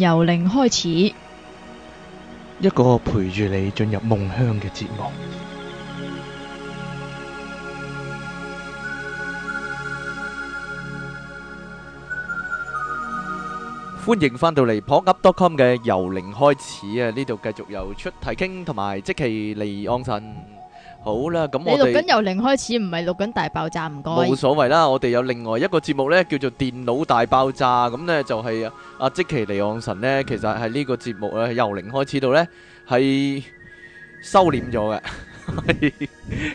由零開始，一個陪住你進入夢鄉嘅節目。歡迎返到嚟 pongup.com 嘅由零開始啊！呢度繼續由出體傾同埋即期嚟安神。好啦，咁我哋錄緊由零開始，唔係錄緊大爆炸，唔該。冇所謂啦，我哋有另外一個節目呢，叫做電腦大爆炸，咁呢，就係阿阿即其尼昂神呢，其實喺呢個節目咧，由零開始到呢，係收斂咗嘅。係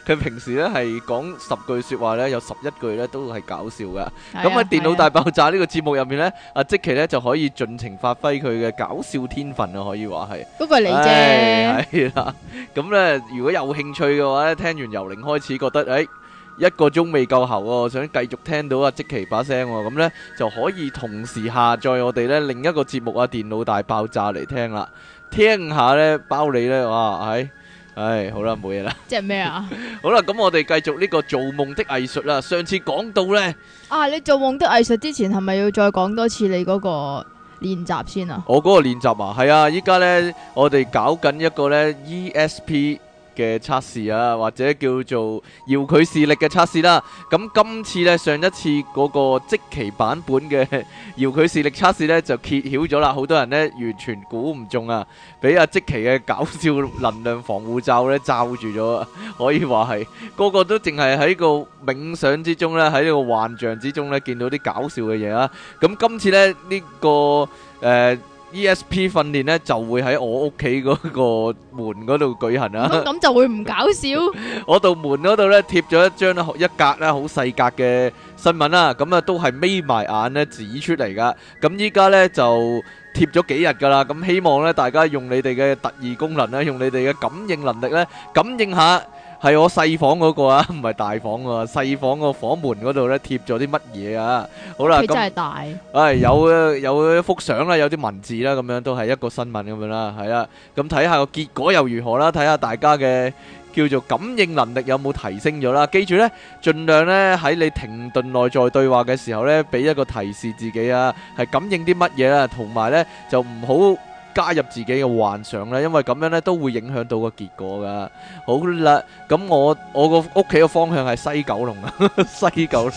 佢平時咧係講十句說話咧，有十一句咧都係搞笑噶。咁喺《電腦大爆炸》呢個節目入面咧，阿積奇咧就可以盡情發揮佢嘅搞笑天分啊，可以話係。不過你啫。係啦，咁咧如果有興趣嘅話咧，聽完由零開始覺得誒一個鐘未夠喉哦，想繼續聽到阿積奇把聲，咁咧就可以同時下載我哋咧另一個節目《啊電腦大爆炸》嚟聽啦，聽下咧包你咧哇係。唉，好啦，冇嘢啦。即係咩啊？好啦，咁我哋繼續呢個做夢的藝術啦。上次講到呢，啊，你做夢的藝術之前係咪要再講多次你嗰個練習先啊？我嗰個練習啊，係啊，依家呢，我哋搞緊一個呢 ESP 嘅測試啊，或者叫做遙距視力嘅測試啦。咁今次呢，上一次嗰個即奇版本嘅遙距視力測試呢，就揭曉咗啦。好多人呢，完全估唔中啊，俾阿即奇嘅搞笑能量防護罩呢，罩住咗，可以話係個個都淨係喺個冥想之中呢，喺呢個幻象之中呢見到啲搞笑嘅嘢啦。咁今次呢呢個誒。ESP 訓練呢就會喺我屋企嗰個門嗰度舉行啊！咁就會唔搞笑。我度門嗰度呢貼咗一張咧一格咧好細格嘅新聞啦，咁啊都係眯埋眼咧指出嚟噶。咁依家呢就貼咗幾日噶啦，咁希望呢大家用你哋嘅特異功能咧，用你哋嘅感應能力呢，感應下。係我細房嗰個啊，唔 係大房喎。細房個房門嗰度呢貼咗啲乜嘢啊？好啦，咁係大。有誒有幅相啦，有啲文字啦，咁樣都係一個新聞咁樣啦，係啦。咁睇下個結果又如何啦？睇下大家嘅叫做感應能力有冇提升咗啦。記住呢，盡量呢喺你停頓內在對話嘅時候呢，俾一個提示自己啊，係感應啲乜嘢啦，同埋呢，就唔好，加入自己嘅幻想咧，因為咁樣咧都會影響到個結果噶。好啦，咁我我個屋企嘅方向係西九龍啊，西九龍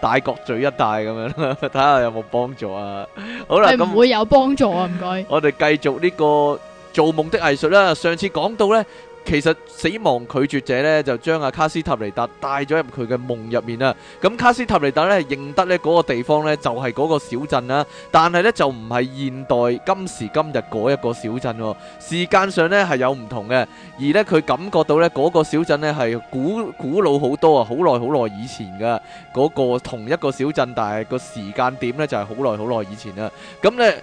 大角咀一帶咁樣啦，睇下有冇幫助啊。好啦，唔會有幫助啊，唔該。我哋繼續呢個做夢的藝術啦。上次講到咧。其實死亡拒絕者咧，就將阿卡斯塔尼達帶咗入佢嘅夢入面喇！咁卡斯塔尼達咧認得咧嗰個地方咧就係嗰個小鎮啦，但係咧就唔係現代今時今日嗰一個小鎮，時間上咧係有唔同嘅。而咧佢感覺到咧嗰個小鎮咧係古古老好多啊，好耐好耐以前噶嗰個同一個小鎮，但係個時間點咧就係好耐好耐以前喇！咁咧。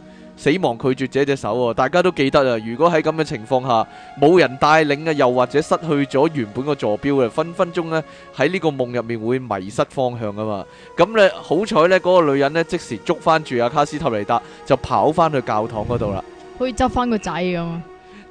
死亡拒絕者隻手喎，大家都記得啊！如果喺咁嘅情況下冇人帶領啊，又或者失去咗原本個座標啊，分分鐘咧喺呢個夢入面會迷失方向啊嘛！咁呢，好彩呢嗰個女人呢，即時捉翻住阿卡斯塔尼達，就跑翻去教堂嗰度啦，可以執翻個仔咁啊！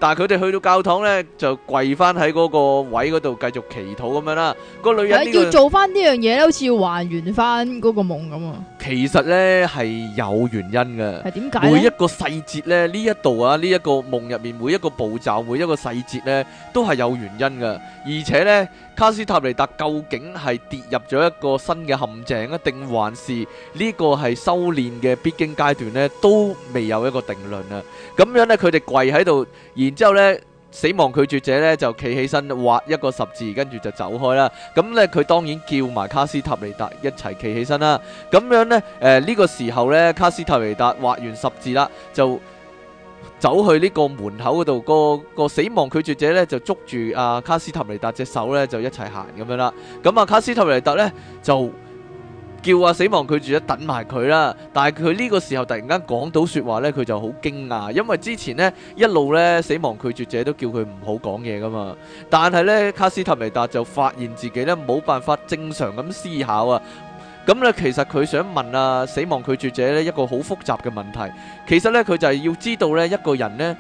但係佢哋去到教堂咧，就跪翻喺嗰個位嗰度繼續祈禱咁樣啦。個女人要做翻呢樣嘢咧，好似要還原翻嗰個夢咁啊。其實咧係有原因嘅，係點解？每一個細節咧，呢一度啊，呢一個夢入面每一個步驟、每一個細節咧，都係有原因嘅。而且咧，卡斯塔尼達究竟係跌入咗一個新嘅陷阱，定還是呢個係修煉嘅必經階段咧，都未有一個定論啊。咁樣咧，佢哋跪喺度而。然之後咧，死亡拒絕者咧就企起身畫一個十字，跟住就走開啦。咁咧，佢當然叫埋卡斯塔尼達一齊企起身啦。咁樣呢，誒呢個時候呢，卡斯塔尼達畫完十字啦，就走去呢個門口嗰度。個個死亡拒絕者咧就捉住阿卡斯塔尼達隻手呢就一齊行咁樣啦。咁啊，卡斯塔尼達呢就。叫啊！死亡拒絕者等埋佢啦，但係佢呢個時候突然間講到説話呢，佢就好驚訝，因為之前呢一路呢死亡拒絕者都叫佢唔好講嘢㗎嘛。但係呢，卡斯塔尼達就發現自己呢冇辦法正常咁思考啊。咁、嗯、呢，其實佢想問啊死亡拒絕者呢一個好複雜嘅問題，其實呢，佢就係要知道呢一個人呢。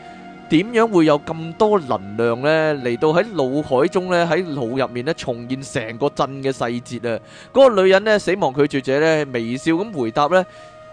點樣會有咁多能量呢？嚟到喺腦海中呢，喺腦入面呢，重現成個鎮嘅細節啊！嗰、那個女人呢，死亡拒絕者呢，微笑咁回答呢。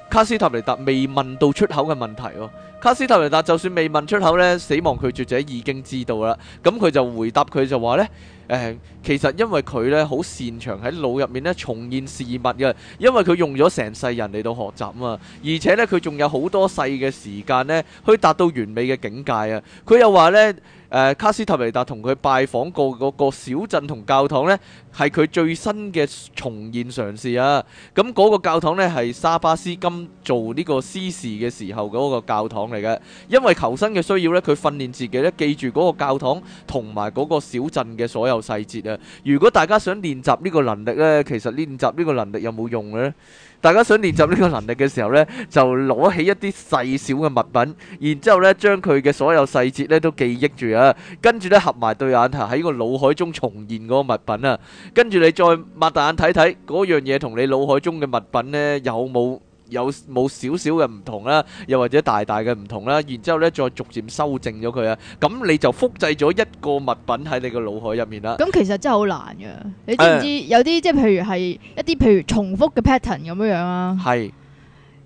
卡斯塔尼達未問到出口嘅問題哦，卡斯塔尼達就算未問出口呢，死亡拒絕者已經知道啦。咁佢就回答佢就話呢：嗯「誒，其實因為佢呢好擅長喺腦入面呢重現事物嘅，因為佢用咗成世人嚟到學習啊，而且呢，佢仲有好多細嘅時間呢去達到完美嘅境界啊。佢又話呢。呃、卡斯塔尼達同佢拜訪過嗰個小鎮同教堂呢，係佢最新嘅重現嘗試啊！咁嗰個教堂呢，係沙巴斯金做呢個司事嘅時候嗰個教堂嚟嘅，因為求生嘅需要呢，佢訓練自己呢，記住嗰個教堂同埋嗰個小鎮嘅所有細節啊！如果大家想練習呢個能力呢，其實練習呢個能力有冇用呢？大家想練習呢個能力嘅時候呢，就攞起一啲細小嘅物品，然之後呢，將佢嘅所有細節呢都記憶住啊，跟住呢，合埋對眼頭喺個腦海中重現嗰個物品啊，跟住你再擘大眼睇睇嗰樣嘢同你腦海中嘅物品呢，有冇？有冇少少嘅唔同啦，又或者大大嘅唔同啦，然之後呢再逐漸修正咗佢啊，咁你就複製咗一個物品喺你個腦海入面啦。咁其實真係好難嘅，你知唔知有啲即係譬如係一啲譬如重複嘅 pattern 咁樣樣啊？係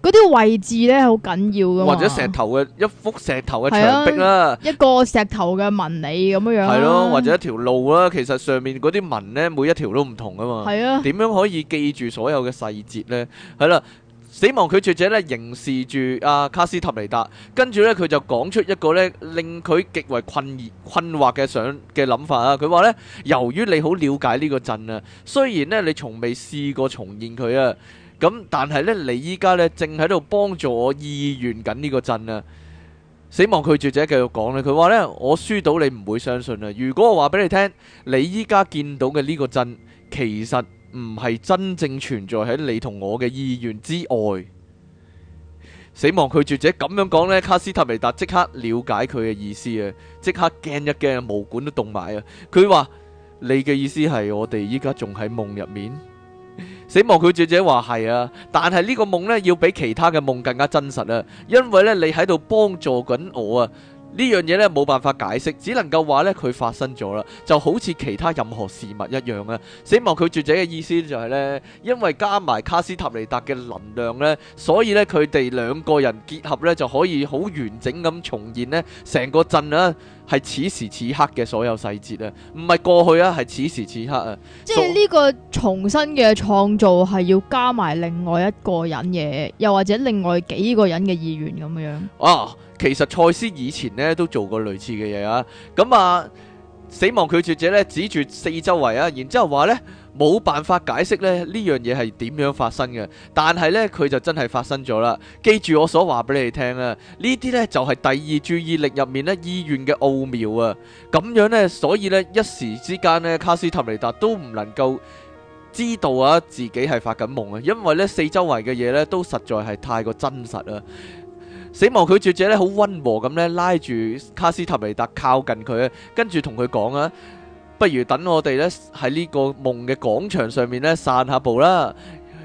嗰啲位置呢好緊要噶嘛，或者石頭嘅一幅石頭嘅牆壁啦，一個石頭嘅紋理咁樣樣，係咯，或者一條路啦，其實上面嗰啲紋呢每一條都唔同噶嘛，係啊，點樣可以記住所有嘅細節呢？係啦。死亡拒絕者咧凝視住阿卡斯塔尼達，跟住咧佢就講出一個咧令佢極為困困惑嘅想嘅諗法啊！佢話咧，由於你好了解呢個陣啊，雖然咧你從未試過重現佢啊，咁但係咧你依家咧正喺度幫助我意願緊呢個陣啊！死亡拒絕者繼續講咧，佢話咧我輸到你唔會相信啊！如果我話俾你聽，你依家見到嘅呢個陣其實……唔係真正存在喺你同我嘅意願之外。死亡拒絕者咁樣講呢，卡斯特維達即刻了解佢嘅意思啊！即刻驚一驚，毛管都凍埋啊！佢話，你嘅意思係我哋依家仲喺夢入面。死亡拒絕者話係啊，但係呢個夢呢，要比其他嘅夢更加真實啊，因為呢，你喺度幫助緊我啊！呢樣嘢咧冇辦法解釋，只能夠話咧佢發生咗啦，就好似其他任何事物一樣啊！死亡拒絕者嘅意思就係呢，因為加埋卡斯塔尼達嘅能量呢，所以呢，佢哋兩個人結合呢，就可以好完整咁重現呢成個陣，呢係此時此刻嘅所有細節啊，唔係過去啊，係此時此刻啊。即係呢個重新嘅創造係要加埋另外一個人嘢，又或者另外幾個人嘅意願咁樣。啊！其實賽斯以前咧都做過類似嘅嘢啊，咁、嗯、啊死亡拒絕者咧指住四周圍啊，然之後話咧冇辦法解釋咧呢樣嘢係點樣發生嘅，但係咧佢就真係發生咗啦。記住我所話俾你聽啦、啊，呢啲咧就係、是、第二注意力入面咧意願嘅奧妙啊，咁樣咧所以咧一時之間咧卡斯塔尼達都唔能夠知道啊自己係發緊夢啊，因為咧四周圍嘅嘢咧都實在係太過真實啊。死亡拒絕者咧，好溫和咁咧，拉住卡斯塔尼達靠近佢，跟住同佢講啊，不如等我哋咧喺呢個夢嘅廣場上面咧散下步啦。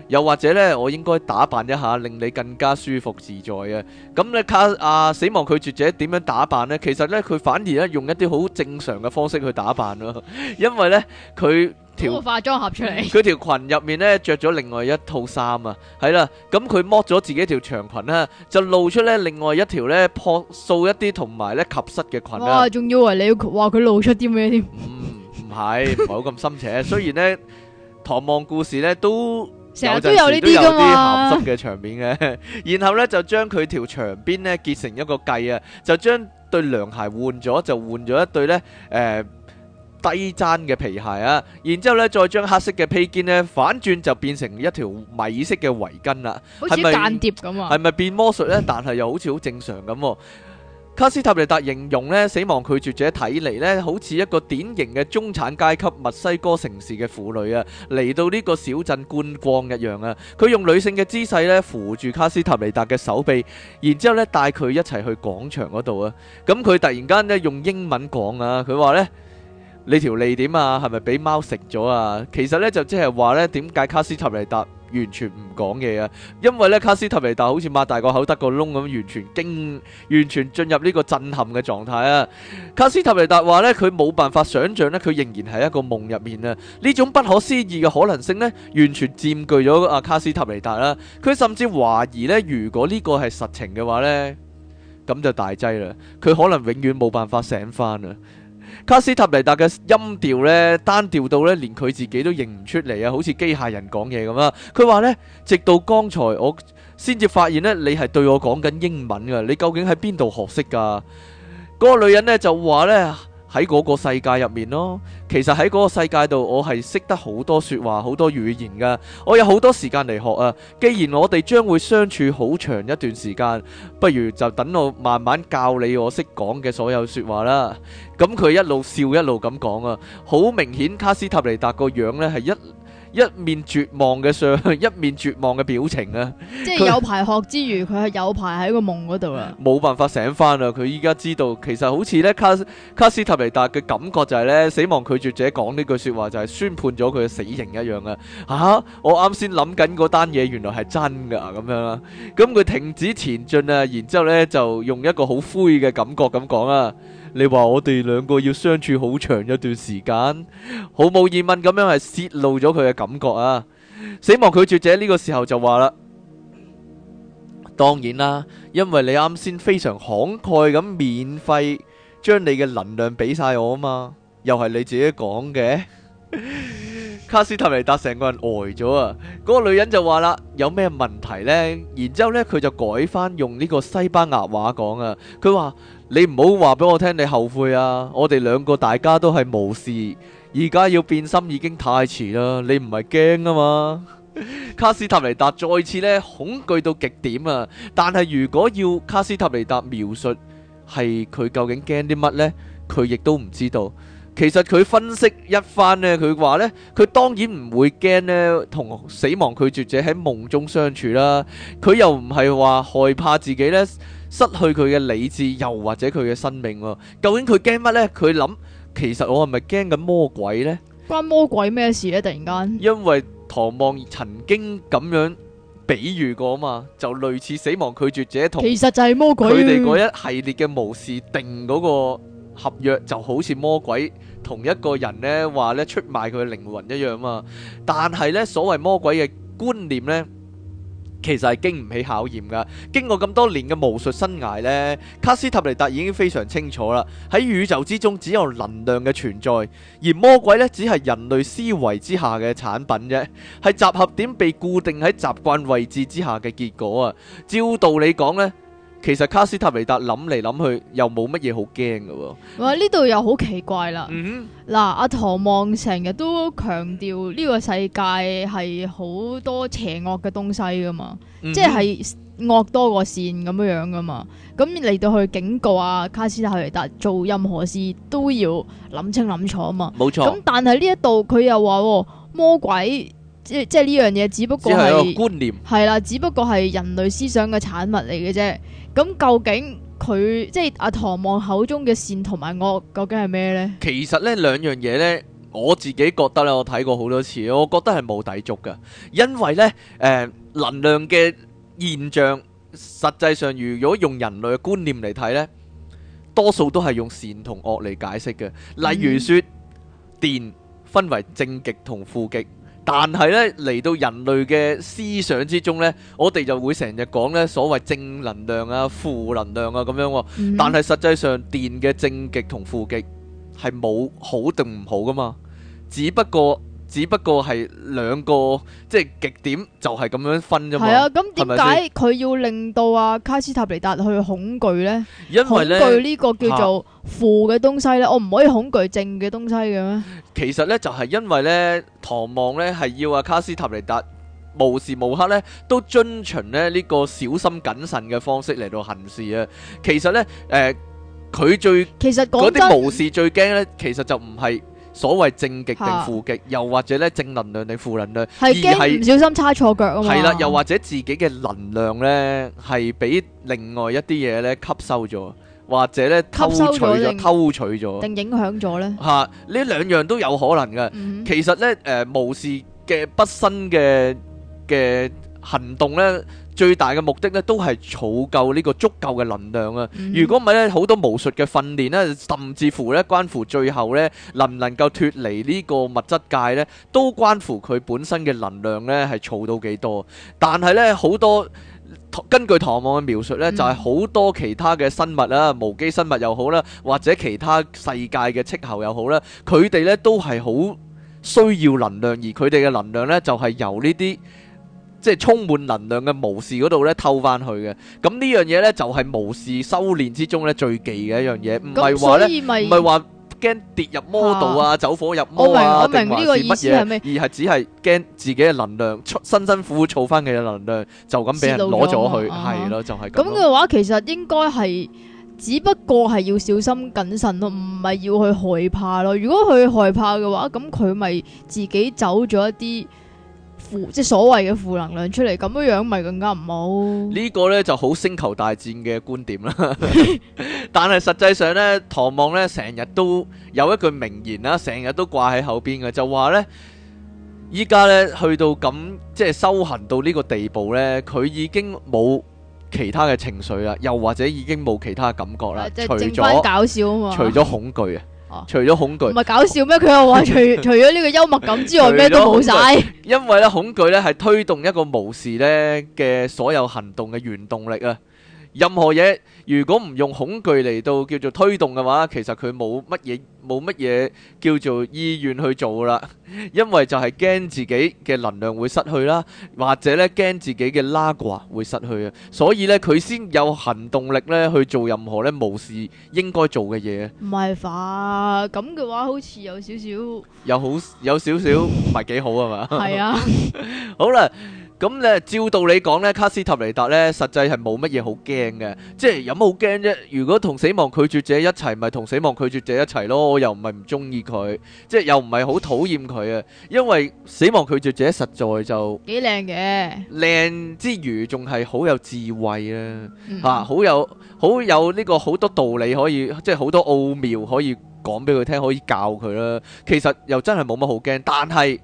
又或者咧，我應該打扮一下，令你更加舒服自在啊。咁咧，卡啊死亡拒絕者點樣打扮呢？其實咧，佢反而咧用一啲好正常嘅方式去打扮咯。因為咧，佢條化妝盒出嚟，佢條裙入面咧着咗另外一套衫啊。係啦，咁佢剝咗自己條長裙啦、啊，就露出咧另外一條咧樸素一啲同埋咧及膝嘅裙啦、啊。哇，仲以為你話佢露出啲咩添？唔唔係，冇咁深扯。雖然咧，唐望故事咧都。成日都有 呢啲鹹濕嘅場面嘅、呃啊，然後呢，就將佢條長辮呢結成一個髻啊，就將對涼鞋換咗，就換咗一對呢誒低踭嘅皮鞋啊，然之後呢，再將黑色嘅披肩呢，反轉就變成一條米色嘅圍巾啦，好似間諜咁啊，係咪、啊、變魔術呢？但係又好似好正常咁。啊。卡斯塔尼達形容呢死亡拒絕者睇嚟呢，好似一個典型嘅中產階級墨西哥城市嘅婦女啊，嚟到呢個小鎮觀光一樣啊。佢用女性嘅姿勢呢扶住卡斯塔尼達嘅手臂，然之後呢帶佢一齊去廣場嗰度啊。咁佢突然間呢用英文講啊，佢話呢：你條脷點啊？係咪俾貓食咗啊？其實呢就即係話呢點解卡斯塔尼達完全唔講嘢啊！因為咧，卡斯塔尼達好似擘大個口得個窿咁，完全驚，完全進入呢個震撼嘅狀態啊！卡斯塔尼達話咧，佢冇辦法想象咧，佢仍然係一個夢入面啊！呢種不可思議嘅可能性咧，完全佔據咗阿卡斯塔尼達啦。佢甚至懷疑咧，如果呢個係實情嘅話咧，咁就大劑啦。佢可能永遠冇辦法醒翻啦！.卡斯塔尼達嘅音調咧，單調到咧，連佢自己都認唔出嚟啊！好似機械人講嘢咁啦。佢話咧，直到剛才我先至發現咧，你係對我講緊英文噶。你究竟喺邊度學識㗎？嗰個女人咧就話咧。喺嗰個世界入面咯，其實喺嗰個世界度，我係識得好多説話，好多語言㗎。我有好多時間嚟學啊。既然我哋將會相處好長一段時間，不如就等我慢慢教你我識講嘅所有説話啦。咁、嗯、佢一路笑一路咁講啊，好明顯卡斯塔尼達個樣呢係一。一面絕望嘅相，一面絕望嘅表情啊！即係是 他有排學之餘，佢係有排喺個夢嗰度啊，冇辦法醒翻啊。佢依家知道，其實好似咧卡斯卡斯塔尼達嘅感覺就係、是、咧，死亡拒絕者講呢句說話就係宣判咗佢嘅死刑一樣啊！吓，我啱先諗緊嗰單嘢，原來係真噶咁樣啦。咁佢停止前進啊，然之後咧就用一個好灰嘅感覺咁講啊。你話我哋兩個要相處好長一段時間，毫無疑問咁樣係洩露咗佢嘅感覺啊！死亡拒絕者呢個時候就話啦：當然啦，因為你啱先非常慷慨咁免費將你嘅能量俾晒我啊嘛，又係你自己講嘅。 卡斯塔尼達成個人呆咗啊！嗰、那個女人就話啦：有咩問題呢？然呢」然之後呢佢就改翻用呢個西班牙話講啊！佢話。你唔好話俾我聽你後悔啊！我哋兩個大家都係無事，而家要變心已經太遲啦！你唔係驚啊嘛？ 卡斯塔尼達再次呢，恐懼到極點啊！但係如果要卡斯塔尼達描述係佢究竟驚啲乜呢？佢亦都唔知道。其實佢分析一番呢，佢話呢，佢當然唔會驚呢，同死亡拒絕者喺夢中相處啦。佢又唔係話害怕自己呢，失去佢嘅理智，又或者佢嘅生命喎？究竟佢驚乜咧？佢諗，其實我係咪驚緊魔鬼咧？關魔鬼咩事咧？突然間，因為唐望曾經咁樣比喻過啊嘛，就類似死亡拒絕者同，其實就係魔鬼佢哋嗰一系列嘅模式定嗰個合約，就好似魔鬼同一個人咧話咧出賣佢嘅靈魂一樣啊嘛。但係咧，所謂魔鬼嘅觀念咧。其實係經唔起考驗噶，經過咁多年嘅巫術生涯呢，卡斯塔尼達已經非常清楚啦。喺宇宙之中只有能量嘅存在，而魔鬼呢，只係人類思維之下嘅產品啫，係集合點被固定喺習慣位置之下嘅結果啊。照道理講呢。其實卡斯塔尼達諗嚟諗去又冇乜嘢好驚嘅喎，哇呢度又好奇怪啦！嗱、嗯哼，阿唐、啊、望成日都強調呢個世界係好多邪惡嘅東西噶嘛，嗯、哼即係惡多過善咁樣樣噶嘛，咁嚟到去警告啊卡斯塔尼達做任何事都要諗清諗楚啊嘛，冇錯錯。咁但係呢一度佢又話、哦，魔鬼。即即係呢樣嘢，只不過係觀念係啦，只不過係人類思想嘅產物嚟嘅啫。咁究竟佢即係阿唐望口中嘅善同埋惡，究竟係咩呢？其實呢兩樣嘢呢，我自己覺得呢，我睇過好多次，我覺得係冇抵觸噶。因為呢，誒能量嘅現象，實際上如果用人類嘅觀念嚟睇呢，多數都係用善同惡嚟解釋嘅。例如說，電分為正極同負極。但係咧，嚟到人類嘅思想之中呢，我哋就會成日講呢所謂正能量啊、負能量啊咁樣。但係實際上電嘅正極同負極係冇好定唔好噶嘛，只不過。只不過係兩個即係極點，就係咁樣分啫嘛。係啊，咁點解佢要令到阿卡斯塔尼達去恐懼呢？因為呢，恐懼呢個叫做負嘅東西咧，我唔可以恐懼正嘅東西嘅咩，就是這個？其實呢，就係因為呢唐望呢，係要阿卡斯塔尼達無時無刻呢都遵循呢呢個小心謹慎嘅方式嚟到行事啊。其實呢，誒，佢最其實嗰啲無事最驚呢，其實就唔係。所謂正極定負極，又或者咧正能量定負能量，而係唔小心差錯腳啊嘛。係啦，又或者自己嘅能量咧係俾另外一啲嘢咧吸收咗，或者咧偷取咗、偷取咗，定影響咗咧？嚇，呢兩樣都有可能㗎。其實咧，誒無視嘅不新嘅嘅行動咧。最大嘅目的咧，都係儲夠呢個足夠嘅能量啊！如果唔係咧，好多巫術嘅訓練咧，甚至乎咧關乎最後咧，能唔能夠脫離呢個物質界咧，都關乎佢本身嘅能量咧係儲到幾多。但係咧，好多根據唐望嘅描述咧，就係好多其他嘅生物啦，無機生物又好啦，或者其他世界嘅斥候又好啦，佢哋咧都係好需要能量，而佢哋嘅能量咧就係由呢啲。即係充滿能量嘅巫士嗰度咧，偷翻去嘅。咁呢樣嘢咧，就係巫士修煉之中咧最忌嘅一樣嘢，唔係話咧，唔係話驚跌入魔道啊，啊走火入魔、啊、我明呢個意思係咩？而係只係驚自己嘅能量，辛辛苦苦儲翻嘅能量，就咁俾人攞咗去，係咯、啊，就係、是、咁。咁嘅、啊、話，其實應該係只不過係要小心謹慎咯，唔係要去害怕咯。如果佢害怕嘅話，咁佢咪自己走咗一啲。負即係所謂嘅負能量出嚟，咁樣樣咪更加唔好。呢個呢就好星球大戰嘅觀點啦。 但係實際上呢，唐望呢成日都有一句名言啦，成日都掛喺後邊嘅，就話呢：「依家呢，去到咁即係修行到呢個地步呢，佢已經冇其他嘅情緒啦，又或者已經冇其他感覺啦， 除咗了搞笑啊，除咗恐懼啊。 除咗恐懼，唔係搞笑咩？佢又話除除咗呢個幽默感之外，咩 都冇晒。因為咧恐懼咧係推動一個武士咧嘅所有行動嘅原動力啊，任何嘢。如果唔用恐懼嚟到叫做推動嘅話，其實佢冇乜嘢，冇乜嘢叫做意願去做啦。因為就係驚自己嘅能量會失去啦，或者咧驚自己嘅拉掛會失去啊。所以咧佢先有行動力咧去做任何咧無視應該做嘅嘢。唔係啊，咁嘅話好似有少少有好有少少唔係幾好係嘛？係啊，好啦。咁咧，照道理講咧，卡斯塔尼達咧，實際係冇乜嘢好驚嘅，即係有乜好驚啫？如果同死亡拒絕者一齊，咪同死亡拒絕者一齊咯。我又唔係唔中意佢，即係又唔係好討厭佢啊。因為死亡拒絕者實在就幾靚嘅，靚之餘仲係好有智慧啊！嚇，好有好有呢個好多道理可以，即係好多奧妙可以講俾佢聽，可以教佢啦。其實又真係冇乜好驚，但係。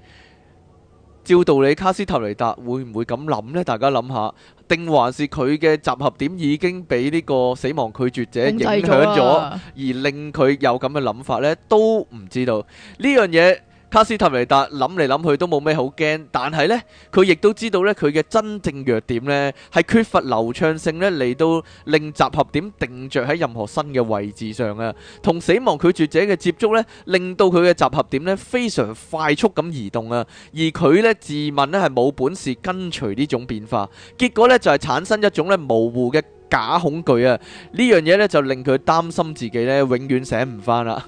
照道理卡斯特雷達會唔會咁諗咧？大家諗下，定還是佢嘅集合點已經俾呢個死亡拒絕者影響咗，而令佢有咁嘅諗法咧？都唔知道呢樣嘢。卡斯塔尼達諗嚟諗去都冇咩好驚，但係咧，佢亦都知道咧，佢嘅真正弱點咧係缺乏流暢性咧，嚟到令集合點定著喺任何新嘅位置上啊。同死亡拒絕者嘅接觸咧，令到佢嘅集合點咧非常快速咁移動啊。而佢咧自問咧係冇本事跟隨呢種變化，結果咧就係產生一種咧模糊嘅假恐懼啊。呢樣嘢咧就令佢擔心自己咧永遠醒唔返啦。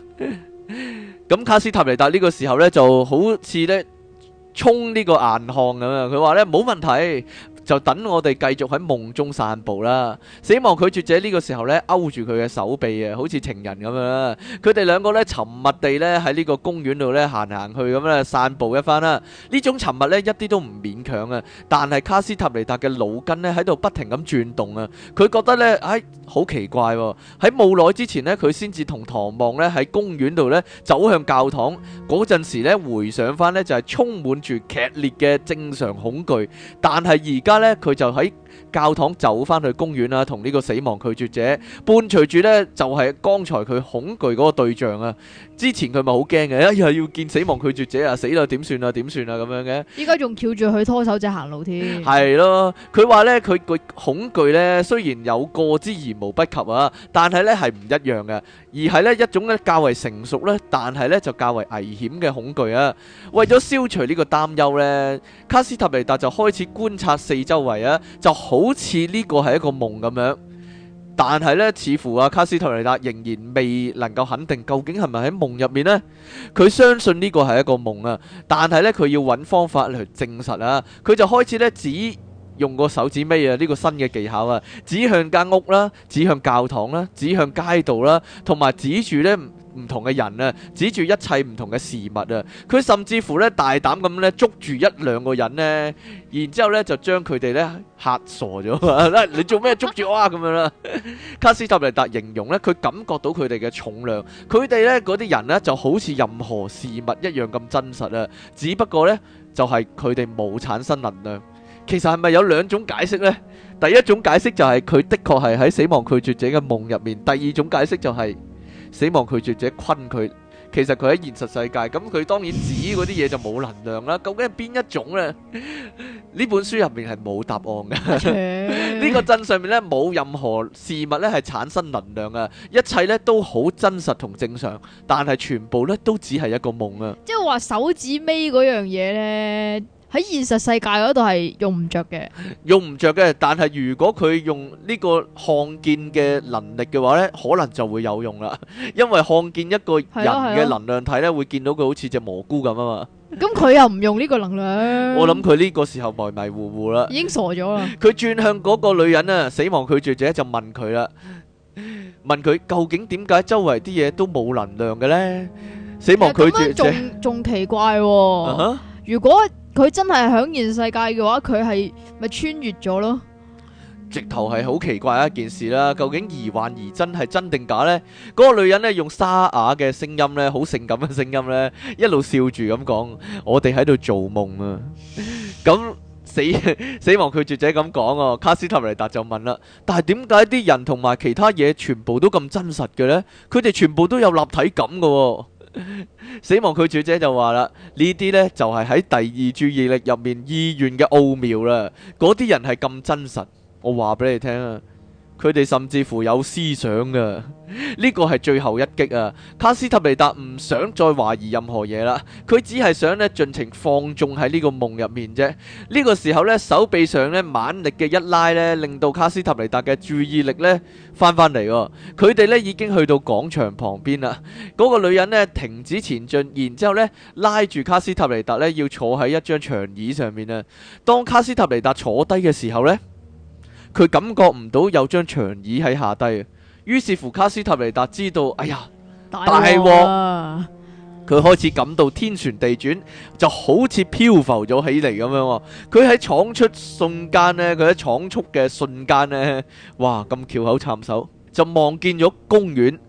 咁卡斯塔尼達呢個時候呢，就好似呢衝呢個硬行咁樣，佢話呢，冇問題。就等我哋繼續喺夢中散步啦。死亡拒絕者呢個時候咧，勾住佢嘅手臂啊，好似情人咁樣啦，佢哋兩個咧，沉默地咧喺呢個公園度咧行行去咁咧散步一番啦。呢種沉默咧，一啲都唔勉強啊。但係卡斯塔尼達嘅腦筋咧喺度不停咁轉動啊。佢覺得咧，唉、哎，好奇怪喎。喺冇耐之前咧，佢先至同唐望咧喺公園度咧走向教堂。嗰陣時咧，回想翻咧就係充滿住劇烈嘅正常恐懼，但係而家。咧佢就喺教堂走翻去公園啦、啊，同呢個死亡拒絕者伴隨住呢，就係、是、剛才佢恐懼嗰個對象啊。之前佢咪好驚嘅，哎呀要見死亡拒絕者啊，死啦點算，算啊，點算啊咁樣嘅。依家仲翹住佢拖手仔行路添。係咯， 佢話呢，佢個恐懼呢，雖然有過之而無不及啊，但係呢係唔一樣嘅，而係呢一種咧較為成熟呢，但係呢就較為危險嘅恐懼啊。為咗消除呢個擔憂呢，卡斯塔尼達就開始觀察四周圍啊，就好似呢個係一個夢咁樣，但係呢，似乎阿卡斯托尼達仍然未能夠肯定究竟係咪喺夢入面呢？佢相信呢個係一個夢啊，但係呢，佢要揾方法嚟證實啊。佢就開始呢，指用個手指尾啊，呢個新嘅技巧啊，指向間屋啦，指向教堂啦，指向街道啦，同埋指住呢、唔同嘅人啊，指住一切唔同嘅事物啊，佢甚至乎咧大膽咁咧捉住一兩個人呢，然之後咧就將佢哋咧嚇傻咗。你做咩捉住我啊？咁樣啦，卡斯塔尼達形容咧，佢感覺到佢哋嘅重量，佢哋咧嗰啲人咧就好似任何事物一樣咁真實啊！只不過咧就係佢哋冇產生能量。其實係咪有兩種解釋呢？第一種解釋就係佢的確係喺死亡拒絕者嘅夢入面；第二種解釋就係、是。死亡拒絕者困佢，其實佢喺現實世界，咁佢當然指嗰啲嘢就冇能量啦。究竟係邊一種呢？呢本書入面係冇答案嘅。呢個鎮上面呢冇任何事物呢係產生能量嘅，一切呢都好真實同正常，但係全部呢都只係一個夢啊！即係話手指尾嗰樣嘢呢。喺現實世界嗰度係用唔着嘅，用唔着嘅。但係如果佢用呢個看見嘅能力嘅話呢，可能就會有用啦。因為看見一個人嘅能量體呢，會見到佢好似隻蘑菇咁啊嘛。咁佢又唔用呢個能量？我諗佢呢個時候迷迷糊糊啦，已經傻咗啦。佢轉向嗰個女人啊，死亡拒絕者就問佢啦，問佢究竟點解周圍啲嘢都冇能量嘅呢？死亡拒絕者咁樣仲仲奇怪喎。如果佢真係喺現世界嘅話，佢係咪穿越咗咯？直頭係好奇怪一件事啦！究竟疑幻疑真係真定假咧？嗰個女人咧，用沙啞嘅聲音咧，好性感嘅聲音咧，一路笑住咁講：我哋喺度做夢啊！咁死死亡拒絕者咁講啊！卡斯塔尼達就問啦：但係點解啲人同埋其他嘢全部都咁真實嘅咧？佢哋全部都有立體感嘅。 死亡拒絕者就話啦，呢啲呢，就係喺第二注意力入面意願嘅奧妙啦，嗰啲人係咁真實，我話俾你聽啊。佢哋甚至乎有思想㗎，呢個係最後一擊啊！卡斯塔尼達唔想再懷疑任何嘢啦，佢只係想呢盡情放縱喺呢個夢入面啫。呢個時候呢，手臂上呢猛力嘅一拉呢，令到卡斯塔尼達嘅注意力呢翻返嚟。佢哋呢已經去到廣場旁邊啦。嗰個女人呢停止前進，然之後呢拉住卡斯塔尼達呢要坐喺一張長椅上面啊。當卡斯塔尼達坐低嘅時候呢。佢感覺唔到有張長椅喺下低，於是乎卡斯塔尼達知道，哎呀，大鑊！佢開始感到天旋地轉，就好似漂浮咗起嚟咁樣。佢喺闖出瞬間呢，佢喺闖出嘅瞬間呢，哇！咁翹口插手就望見咗公園。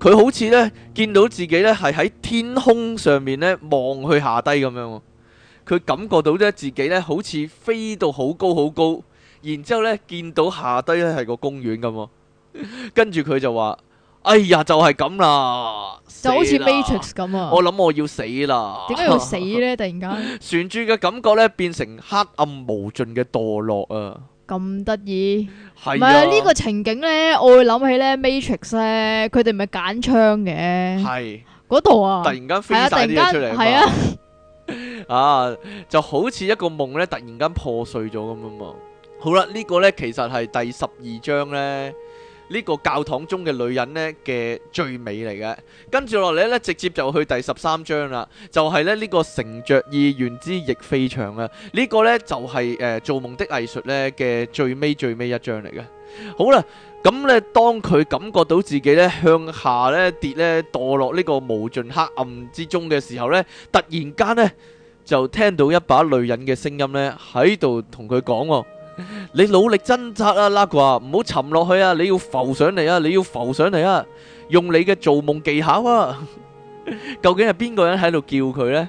佢好似呢，見到自己呢，係喺天空上面呢，望去下低咁樣。佢感覺到咧自己呢，好似飛到好高好高。然之後咧，見到下低咧係個公園咁咯，跟住佢就話：哎呀，就係咁啦，就好似 Matrix 咁啊！我諗我要死啦！點解要死咧？突然間旋轉嘅感覺咧，變成黑暗無盡嘅墮落啊！咁得意係唔係啊！呢個情景咧，我會諗起咧 Matrix 咧，佢哋咪揀槍嘅，係嗰度啊！突然間飛，突然間出嚟，係啊！啊，就好似一個夢咧，突然間破碎咗咁啊嘛！好啦，呢個咧其實係第十二章咧，呢個教堂中嘅女人咧嘅最尾嚟嘅。跟住落嚟咧，直接就去第十三章啦，就係咧呢個乘著意願之翼飛翔啊！呢個咧就係誒做夢的藝術咧嘅最尾最尾一章嚟嘅。好啦，咁咧當佢感覺到自己咧向下咧跌咧墮落呢個無盡黑暗之中嘅時候咧，突然間咧就聽到一把女人嘅聲音咧喺度同佢講。你努力掙扎啊，拉古啊，唔好沉落去啊，你要浮上嚟啊，你要浮上嚟啊，用你嘅做夢技巧啊！究竟係邊個人喺度叫佢呢？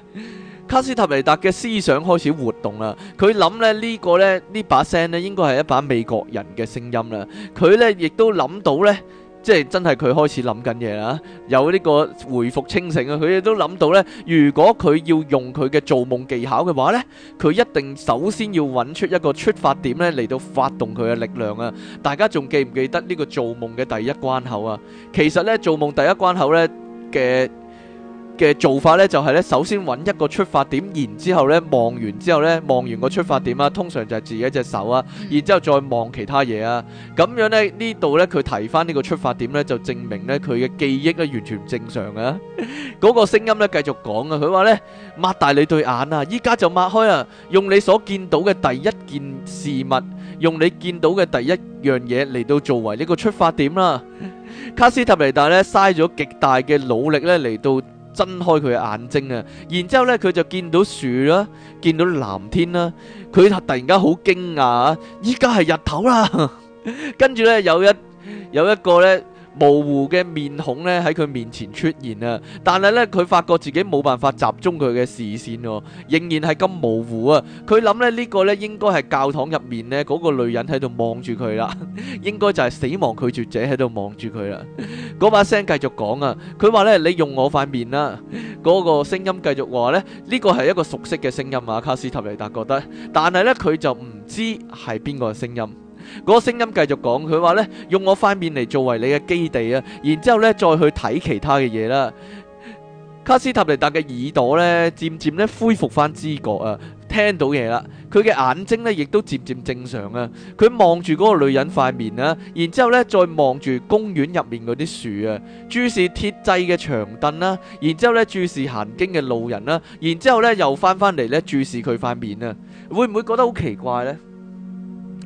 卡斯特尼達嘅思想開始活動啦，佢諗咧呢個咧呢把聲咧應該係一把美國人嘅聲音啦，佢咧亦都諗到咧。即係真係佢開始諗緊嘢啦，有呢個回復清醒啊，佢亦都諗到咧。如果佢要用佢嘅造夢技巧嘅話咧，佢一定首先要揾出一個出發點咧，嚟到發動佢嘅力量啊！大家仲記唔記得呢個造夢嘅第一關口啊？其實咧，造夢第一關口咧嘅。嘅做法咧就係咧，首先揾一個出發點，然之後咧望完之後咧望完個出發點啊，通常就係自己一隻手啊，然之後再望其他嘢啊，咁樣咧呢度咧佢提翻呢個出發點咧，就證明咧佢嘅記憶咧完全唔正常啊！嗰個聲音咧繼續講啊，佢話咧擘大你對眼啊，依家就擘開啊，用你所見到嘅第一件事物，用你見到嘅第一樣嘢嚟到作為呢個出發點啦。卡斯特尼達咧嘥咗極大嘅努力咧嚟到。睜開佢嘅眼睛啊，然之後咧佢就見到樹啦，見到藍天啦，佢突然間好驚訝啊，依家係日頭啦，跟住咧有一有一個咧。模糊嘅面孔咧喺佢面前出現啊！但係咧佢發覺自己冇辦法集中佢嘅視線喎，仍然係咁模糊啊！佢諗咧呢個咧應該係教堂入面咧嗰個女人喺度望住佢啦，應該就係死亡拒絕者喺度望住佢啦。嗰把聲繼續講啊，佢話咧你用我塊面啦。嗰個聲音繼續話咧呢個係一個熟悉嘅聲音啊，卡斯塔尼達覺得，但係咧佢就唔知係邊個嘅聲音。嗰個聲音繼續講，佢話呢，用我塊面嚟作為你嘅基地啊，然之後呢再去睇其他嘅嘢啦。卡斯塔尼達嘅耳朵呢，漸漸呢，恢復翻知覺啊，聽到嘢啦。佢嘅眼睛呢，亦都漸漸正常啊。佢望住嗰個女人塊面啊，然之後呢再望住公園入面嗰啲樹啊，注視鐵製嘅長凳啦，然之後呢注視行經嘅路人啦，然之後呢又翻翻嚟呢，注視佢塊面啊，會唔會覺得好奇怪呢？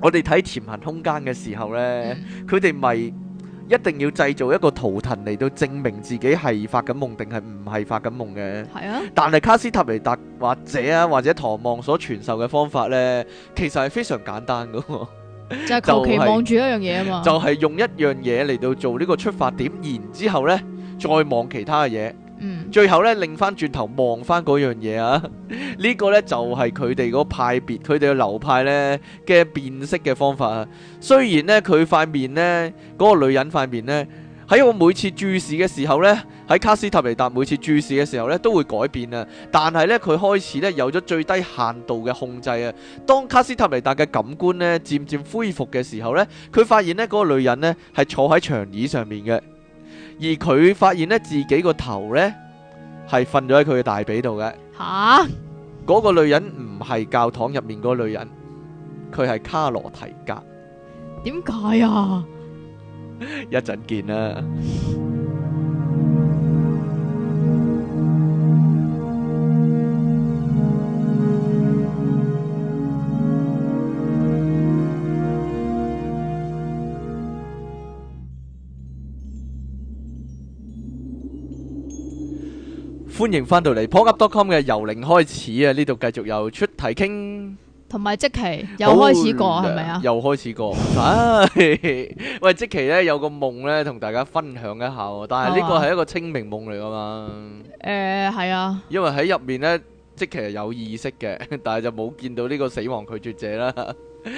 我哋睇潛行空間嘅時候咧，佢哋咪一定要製造一個圖騰嚟到證明自己係發緊夢定係唔係發緊夢嘅？係啊！但係卡斯塔尼達或者啊或者唐望所傳授嘅方法咧，其實係非常簡單嘅喎，就係求其望住一樣嘢啊嘛，就係用一樣嘢嚟到做呢個出發點，然之後咧再望其他嘅嘢。最後咧，擰翻轉頭望翻嗰樣嘢啊！呢 個呢，就係佢哋嗰派別，佢哋嘅流派呢嘅辨識嘅方法啊。雖然呢，佢塊面呢，嗰、那個女人塊面呢，喺我每次注視嘅時候呢，喺卡斯塔尼達每次注視嘅時候呢，都會改變啊。但係呢，佢開始呢，有咗最低限度嘅控制啊。當卡斯塔尼達嘅感官呢，漸漸恢復嘅時候呢，佢發現呢，嗰、那個女人呢，係坐喺長椅上面嘅。而佢發現咧，自己個頭咧係瞓咗喺佢嘅大髀度嘅。嚇蛤！嗰個女人唔係教堂入面嗰個女人，佢係卡羅提格。點解啊？一陣 見啊。歡迎翻到嚟 pocket.com 嘅由零開始啊！呢度繼續由出題傾，同埋即期又開始過係咪啊？又開始過啊！喂，即期咧有個夢咧，同大家分享一下喎。但係呢個係一個清明夢嚟㗎嘛。誒係啊。因為喺入面咧，即期係有意識嘅，但係就冇見到呢個死亡拒絕者啦，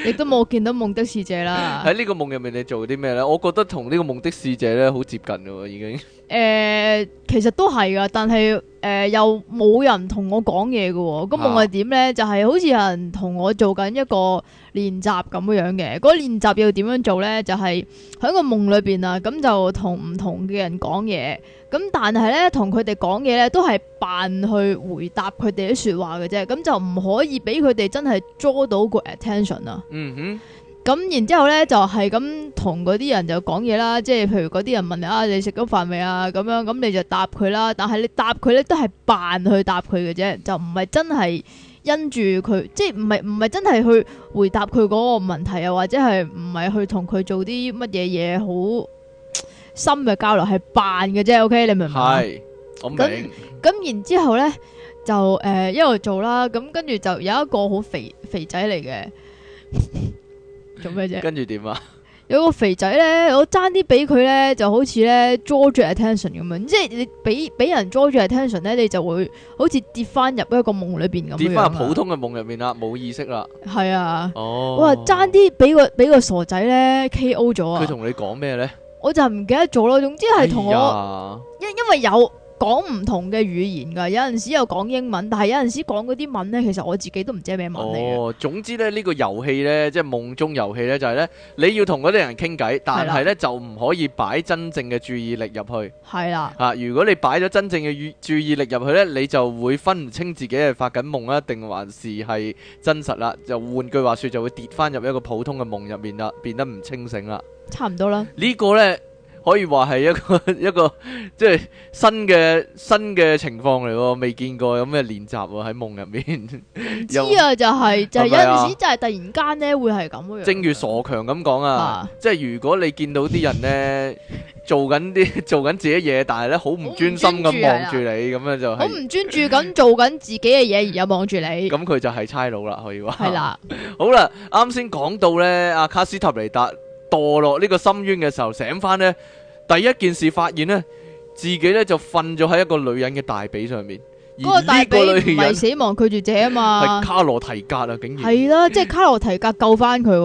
亦都冇見到夢的使者啦。喺呢個夢入面，你做啲咩咧？我覺得同呢個夢的使者咧好接近㗎喎，已經。誒、呃，其實都係噶，但係誒、呃、又冇人同我講嘢嘅，個夢係點咧？就係好似有人同我做緊一個練習咁樣嘅，個練習要點樣做咧？就係喺個夢裏邊啊，咁就同唔同嘅人講嘢，咁但係咧同佢哋講嘢咧都係扮去回答佢哋嘅說話嘅啫，咁就唔可以俾佢哋真係捉到個 attention 啊。嗯哼。咁然之後咧就係咁同嗰啲人就講嘢啦，即係譬如嗰啲人問你啊，你食咗飯未啊？咁樣，咁你就答佢啦。但係你答佢咧都係扮去答佢嘅啫，就唔係真係因住佢，即係唔係唔係真係去回答佢嗰個問題啊，或者係唔係去同佢做啲乜嘢嘢好深入交流，係扮嘅啫。OK，你明唔明啊？係，我明。咁咁然之後咧就誒一路做啦。咁跟住就有一個好肥肥仔嚟嘅。 做咩啫？跟住點啊？有個肥仔咧，我爭啲俾佢咧，就好似咧 draw 住 attention 咁樣，即係你俾俾人 draw 住 attention 咧，你就會好似跌翻入一個夢裏邊咁樣，樣。跌翻、啊、普通嘅夢入面啦，冇意識啦。係啊，哇、哦，爭啲俾個俾個傻仔咧 KO 咗啊！佢同你講咩咧？我就唔記得咗咯，總之係同我因、哎、呀因為有。講唔同嘅語言噶，有陣時又講英文，但係有陣時講嗰啲文呢，其實我自己都唔知係咩文嚟嘅。哦，總之咧呢個遊戲呢，即係夢中遊戲呢，就係呢：你要同嗰啲人傾偈，但係呢就唔可以擺真正嘅注意力入去。係啦。吓，如果你擺咗真正嘅注意力入去呢，你就會分唔清自己係發緊夢啊，定還是係真實啦？就換句話說，就會跌翻入一個普通嘅夢入面啦，變得唔清醒啦。差唔多啦。呢個呢。可以話係一個一個即係新嘅新嘅情況嚟喎，未見過有咩練習喎，喺夢入面。知啊，就係就係有陣時就係突然間咧會係咁樣。正如傻強咁講啊，啊即係如果你見到啲人咧 做緊啲做緊自己嘢，但係咧好唔專心咁望住你咁 樣就好唔專注咁做緊自己嘅嘢，而又望住你。咁佢 就係差佬啦，可以話。係啦的。 好啦，啱先講到咧，阿卡斯塔尼達。墮落呢個深淵嘅時候醒翻咧，第一件事發現咧，自己咧就瞓咗喺一個女人嘅大髀上面。嗰個大個唔係死亡拒絕者啊嘛，係卡羅提格啊，竟然係啦、啊，即係卡羅提格救翻佢。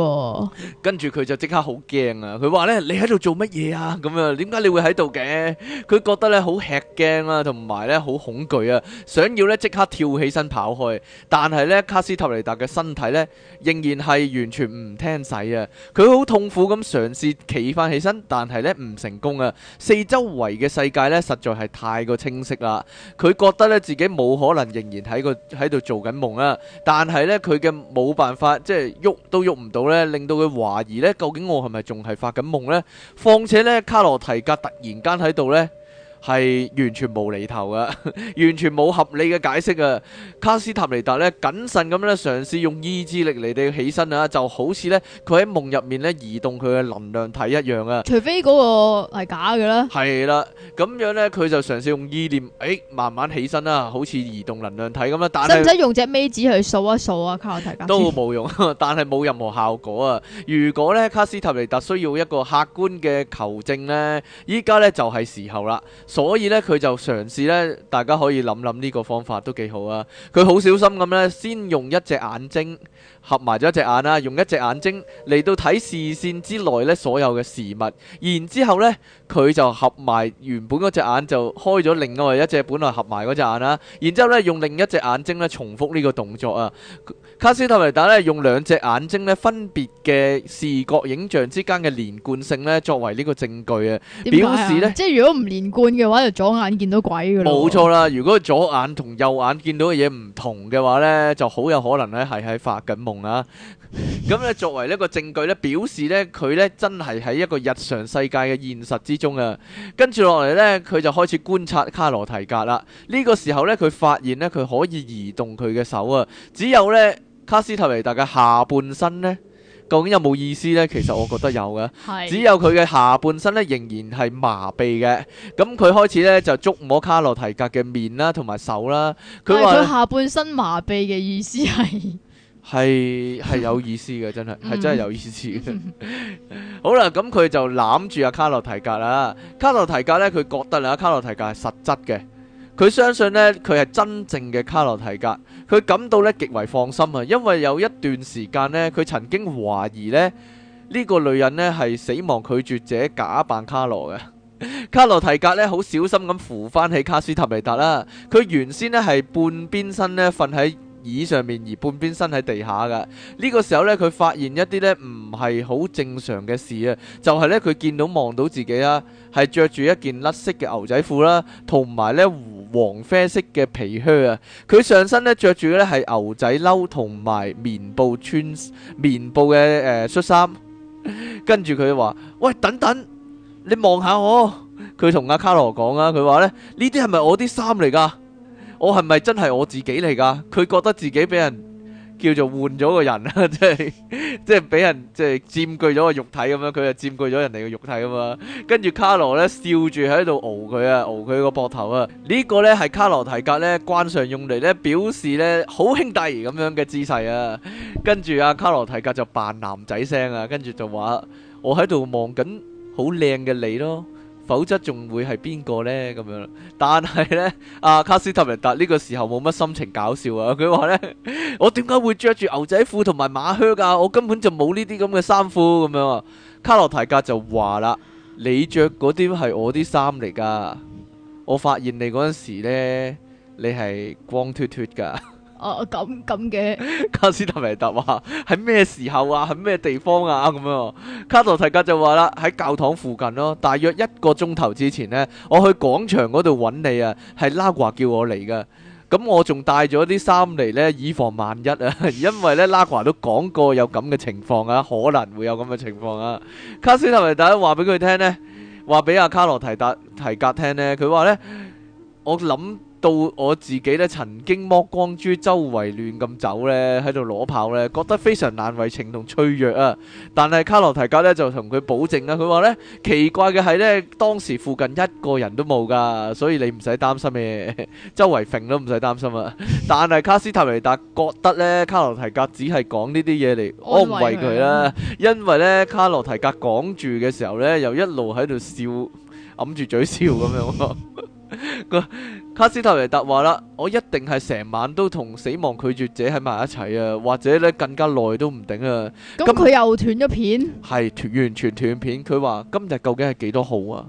跟住佢就即刻好驚啊！佢話咧：你喺度做乜嘢啊？咁啊，點解你會喺度嘅？佢覺得咧好吃驚啊，同埋咧好恐懼啊！想要咧即刻跳起身跑開，但係咧卡斯特尼達嘅身體咧仍然係完全唔聽使啊！佢好痛苦咁嘗試企翻起身，但係咧唔成功啊！四周圍嘅世界咧實在係太過清晰啦，佢覺得咧自己。冇可能仍然喺個喺度做緊夢啊！但係呢，佢嘅冇辦法，即係喐都喐唔到呢，令到佢懷疑呢，究竟我係咪仲係發緊夢呢？況且呢，卡羅提格突然間喺度呢。係完全無厘頭㗎，完全冇合理嘅解釋啊！卡斯塔尼達呢，謹慎咁咧，嘗試用意志力嚟嘅起身啊，就好似呢佢喺夢入面呢移動佢嘅能量體一樣啊！除非嗰個係假嘅啦，係啦，咁樣呢佢就嘗試用意念，誒慢慢起身啦，好似移動能量體咁啦。但使唔使用隻尾指去掃一掃啊？卡斯塔尼達都冇用，但係冇任何效果啊！如果呢卡斯塔尼達需要一個客觀嘅求證呢，依家呢就係時候啦。所以咧，佢就嘗試咧，大家可以諗諗呢個方法都幾好啊！佢好小心咁咧，先用一隻眼睛。合埋咗一隻眼啦，用一隻眼睛嚟到睇視線之內咧，所有嘅事物，然之後呢，佢就合埋原本嗰隻眼就開咗另外一隻本來合埋嗰隻眼啦，然之後呢，用另一隻眼睛咧，重複呢個動作啊。卡斯塔尼達呢，用兩隻眼睛呢，分別嘅視覺影像之間嘅連貫性呢，作為呢個證據啊，表示呢，即係如果唔連貫嘅話，就左眼見到鬼㗎啦。冇錯啦，如果左眼同右眼見到嘅嘢唔同嘅話呢，就好有可能呢，係喺發緊夢。啊！咁咧、 嗯、作為呢個證據咧，表示咧佢咧真係喺一個日常世界嘅現實之中啊！跟住落嚟咧，佢就開始觀察卡羅提格啦。呢、這個時候咧，佢發現咧佢可以移動佢嘅手啊！只有咧卡斯特維達嘅下半身呢，究竟有冇意思呢？其實我覺得有嘅。是只有佢嘅下半身咧，仍然係麻痹嘅。咁、嗯、佢開始咧就觸摸卡羅提格嘅面啦，同埋手啦。佢話佢下半身麻痹嘅意思係。係係有意思嘅，真係係真係有意思嘅 好啦，咁佢就攬住阿卡洛提格啦。卡洛提格呢，佢覺得咧阿卡洛提格係實質嘅，佢相信呢，佢係真正嘅卡洛提格。佢感到呢，極為放心啊，因為有一段時間呢，佢曾經懷疑呢，呢、呢個女人呢係死亡拒絕者假扮卡洛嘅。卡洛提格呢，好小心咁扶翻起卡斯塔尼達啦。佢原先呢，係半邊身呢，瞓喺椅上面而半邊身喺地下噶，呢個時候咧，佢發現一啲咧唔係好正常嘅事啊，就係咧佢見到望到自己啊，係着住一件甩色嘅牛仔褲啦，同埋咧黃啡色嘅皮靴啊，佢上身咧着住咧係牛仔褸同埋棉布穿棉布嘅誒恤衫，跟住佢話：「喂，等等，你望下我，佢同阿卡羅講啊，佢話咧呢啲係咪我啲衫嚟噶？我係咪真係我自己嚟噶？佢覺得自己俾人叫做換咗個人啊！即係即係俾人即係佔據咗個肉體咁樣，佢就佔據咗人哋嘅肉體啊嘛！跟住卡羅咧笑住喺度熬佢啊，熬佢個膊頭啊！呢個咧係卡羅提格咧關上用嚟咧表示咧好兄弟咁樣嘅姿勢啊！跟住阿卡羅提格就扮男仔聲啊，跟住就話我喺度望緊好靚嘅你咯。否則仲會係邊個呢？咁樣？但係呢，阿、啊、卡斯特明達呢個時候冇乜心情搞笑啊！佢話呢：「我點解會着住牛仔褲同埋馬靴㗎？我根本就冇呢啲咁嘅衫褲咁樣。卡洛提格就話啦：你着嗰啲係我啲衫嚟㗎。我發現你嗰陣時呢，你係光脱脱㗎。哦咁咁嘅，卡斯特維特話：喺咩時候啊？喺咩地方啊？咁樣，卡洛提格就話啦：喺教堂附近咯，大約一個鐘頭之前呢，我去廣場嗰度揾你啊，係拉瓜叫我嚟嘅。咁我仲帶咗啲衫嚟呢，以防萬一啊，因為呢拉瓜都講過有咁嘅情況啊，可能會有咁嘅情況啊。卡斯特維特話俾佢聽呢，話俾阿卡洛提達提格聽呢，佢話呢，我諗。到我自己咧，曾經剝光豬，周圍亂咁走咧，喺度裸跑咧，覺得非常難為情同脆弱啊。但係卡洛提格咧就同佢保證啊，佢話咧奇怪嘅係咧，當時附近一個人都冇㗎，所以你唔使擔心嘅，周圍揈都唔使擔心啊。但係卡斯塔尼達覺得咧，卡洛提格只係講呢啲嘢嚟安慰佢啦，因為咧卡洛提格講住嘅時候咧，又一路喺度笑，揞住嘴笑咁樣。卡斯特雷達話啦：我一定係成晚都同死亡拒絕者喺埋一齊啊，或者呢更加耐都唔定啊。咁佢又斷咗片，係完全斷片。佢話今日究竟係幾多號啊？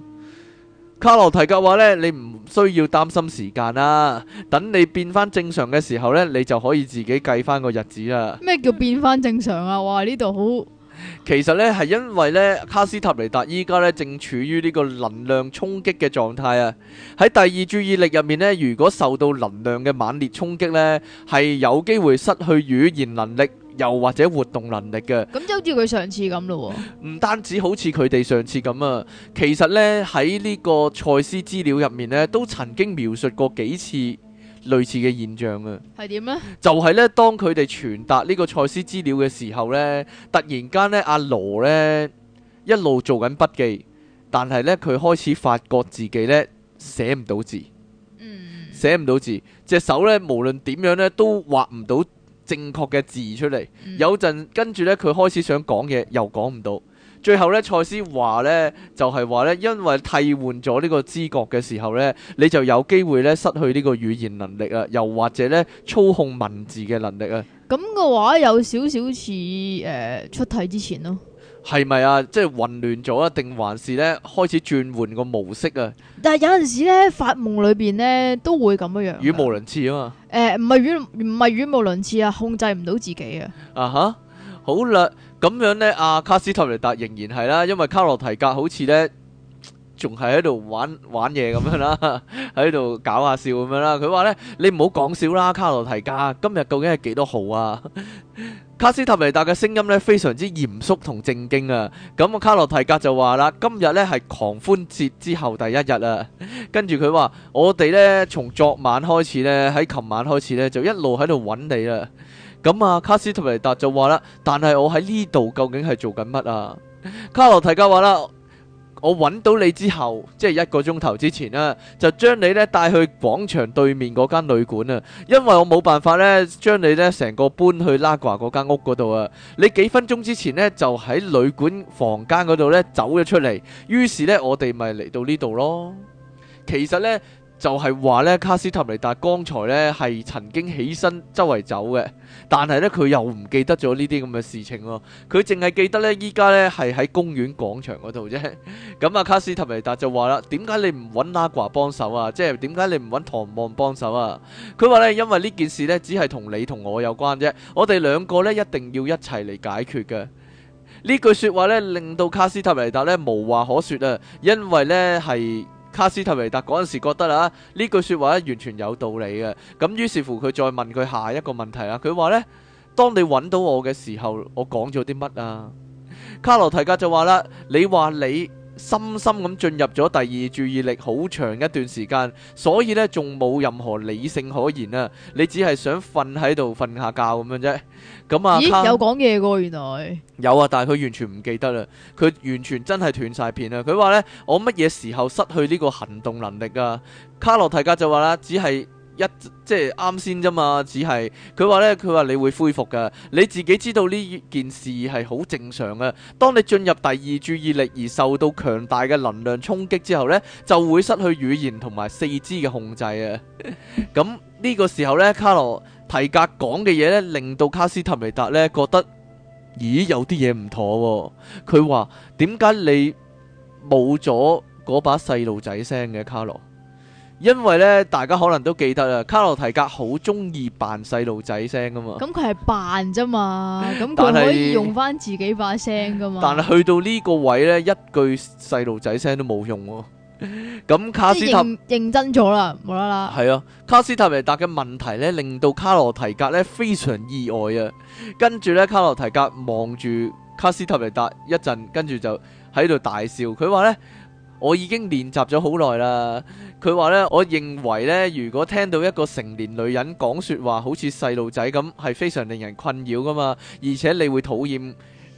卡洛提格話呢，你唔需要擔心時間啦，啊，等你變翻正常嘅時候呢，你就可以自己計翻個日子啦。咩叫變翻正常啊？哇，呢度好。其實呢，係因為呢卡斯塔尼達依家呢，正處於呢個能量衝擊嘅狀態啊！喺第二注意力入面呢，如果受到能量嘅猛烈衝擊呢，係有機會失去語言能力，又或者活動能力嘅。咁就好似佢上次咁咯啊。唔單止好似佢哋上次咁啊，其實呢，喺呢個賽斯資料入面呢，都曾經描述過幾次。類似嘅現象啊，係點咧？就係呢，當佢哋傳達呢個賽斯資料嘅時候呢，突然間、啊、呢，阿羅呢一路做緊筆記，但係呢，佢開始發覺自己呢寫唔到字，嗯，寫唔到字，隻手呢，無論點樣呢，都畫唔到正確嘅字出嚟，嗯、有陣跟住呢，佢開始想講嘢又講唔到。最後咧，蔡思華咧，就係話咧，因為替換咗呢個知覺嘅時候咧，你就有機會咧失去呢個語言能力啊，又或者咧操控文字嘅能力啊。咁嘅話有少少似誒出體之前咯。係咪啊？即係混亂咗啊？定還是咧開始轉換個模式啊？但係有陣時咧發夢裏邊咧都會咁樣樣，語無倫次啊嘛。誒唔係語唔係語無倫次啊，控制唔到自己啊。啊哈、uh，huh? 好嘞。咁樣呢，阿、啊、卡斯泰尼達仍然係啦，因為卡洛提格好似呢仲係喺度玩玩嘢咁樣啦，喺度搞下笑咁樣啦。佢話呢，你唔好講笑啦，卡洛提格，今日究竟係幾多號啊？ 卡斯泰尼達嘅聲音呢，非常之嚴肅同正經啊。咁啊，卡洛提格就話啦，今日呢係狂歡節之後第一日啊。跟住佢話，我哋呢，從昨晚開始呢，喺琴晚開始呢，就一路喺度揾你啦。咁啊，卡斯提尼達就話啦，但係我喺呢度究竟係做緊乜啊？卡洛提加話啦，我揾到你之後，即係一個鐘頭之前啦，就將你呢帶去廣場對面嗰間旅館啊，因為我冇辦法呢，將你呢成個搬去拉瓜嗰間屋嗰度啊。你幾分鐘之前呢，就喺旅館房間嗰度呢走咗出嚟，於是呢，我哋咪嚟到呢度咯。其實呢。就係話咧，卡斯塔尼達剛才咧係曾經起身周圍走嘅，但係咧佢又唔記、哦、記得咗呢啲咁嘅事情咯。佢淨係記得咧，依家咧係喺公園廣場嗰度啫。咁啊，卡斯塔尼達就話啦：點解你唔揾拉瓜幫手啊？即係點解你唔揾唐望幫手啊？佢話咧，因為呢件事咧，只係同你同我有關啫。我哋兩個咧，一定要一齊嚟解決嘅。句呢句説話咧，令到卡斯塔尼達咧無話可説啊，因為呢係。卡斯特維達嗰陣時覺得啦、啊，呢句説話完全有道理嘅，咁於是乎佢再問佢下一個問題啦。佢話呢，當你揾到我嘅時候，我講咗啲乜啊？卡羅提格就話啦：你話你。深深咁進入咗第二注意力，好長一段時間，所以呢，仲冇任何理性可言啊！你只係想瞓喺度瞓下覺咁樣啫。咁啊，咦？卡……有講嘢喎，原來有啊，但係佢完全唔記得啦，佢完全真係斷晒片啦。佢話呢：「我乜嘢時候失去呢個行動能力啊？」卡洛提家就話啦，只係。一即係啱先啫嘛，只係佢話咧，佢話你會恢復嘅，你自己知道呢件事係好正常嘅。當你進入第二注意力而受到強大嘅能量衝擊之後咧，就會失去語言同埋四肢嘅控制啊！咁呢、 這個時候咧，卡羅提格講嘅嘢咧，令到卡斯塔尼達咧覺得，咦，有啲嘢唔妥，佢話點解你冇咗嗰把細路仔聲嘅卡羅。因為咧，大家可能都記得啦，卡洛提格好中意扮細路仔聲噶嘛。咁佢係扮啫嘛，咁佢但可以用翻自己把聲噶嘛。但係去到呢個位咧，一句細路仔聲都冇用啊。咁 卡斯特認，認真咗啦，冇啦啦。係啊，卡斯泰爾達嘅問題咧，令到卡洛提格咧非常意外啊。跟住咧，卡洛提格望住卡斯泰爾達一陣，跟住就喺度大笑。佢話咧。我已經練習咗好耐啦。佢話呢，我認為呢，如果聽到一個成年女人講説話好似細路仔咁，係非常令人困擾㗎嘛，而且你會討厭。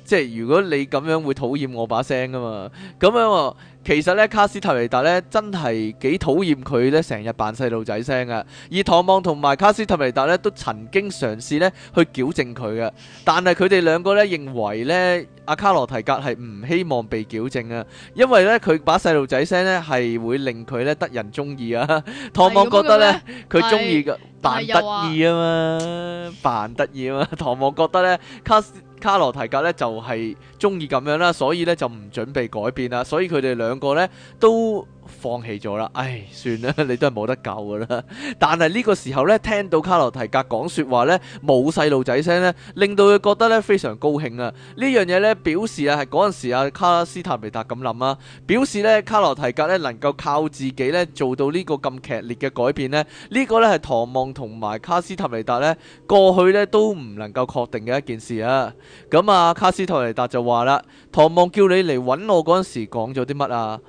即係如果你咁樣會討厭我把聲噶嘛，咁樣其實咧卡斯特尼達咧真係幾討厭佢咧成日扮細路仔聲嘅，而唐望同埋卡斯特尼達咧都曾經嘗試咧去矯正佢嘅，但係佢哋兩個咧認為咧阿卡羅提格係唔希望被矯正啊，因為咧佢把細路仔聲咧係會令佢咧得人中意啊。唐望覺得咧佢中意嘅扮得意啊嘛，扮得意啊嘛。唐望覺得咧卡斯。卡羅提格咧就係中意咁樣啦，所以咧就唔準備改變啦，所以佢哋兩個咧都，放棄咗啦，唉，算啦，你都係冇得救噶啦。但係呢個時候呢，聽到卡洛提格講說話呢，冇細路仔聲呢，令到佢覺得呢非常高興啊！呢樣嘢呢，表示啊，係嗰陣時阿卡斯泰尼達咁諗啦，表示呢，卡洛提格呢能夠靠自己呢做到呢個咁劇烈嘅改變呢。呢、呢個呢係唐望同埋卡斯泰尼達呢過去呢都唔能夠確定嘅一件事啊。咁啊，卡斯泰尼達就話啦，唐望叫你嚟揾我嗰陣時講咗啲乜啊？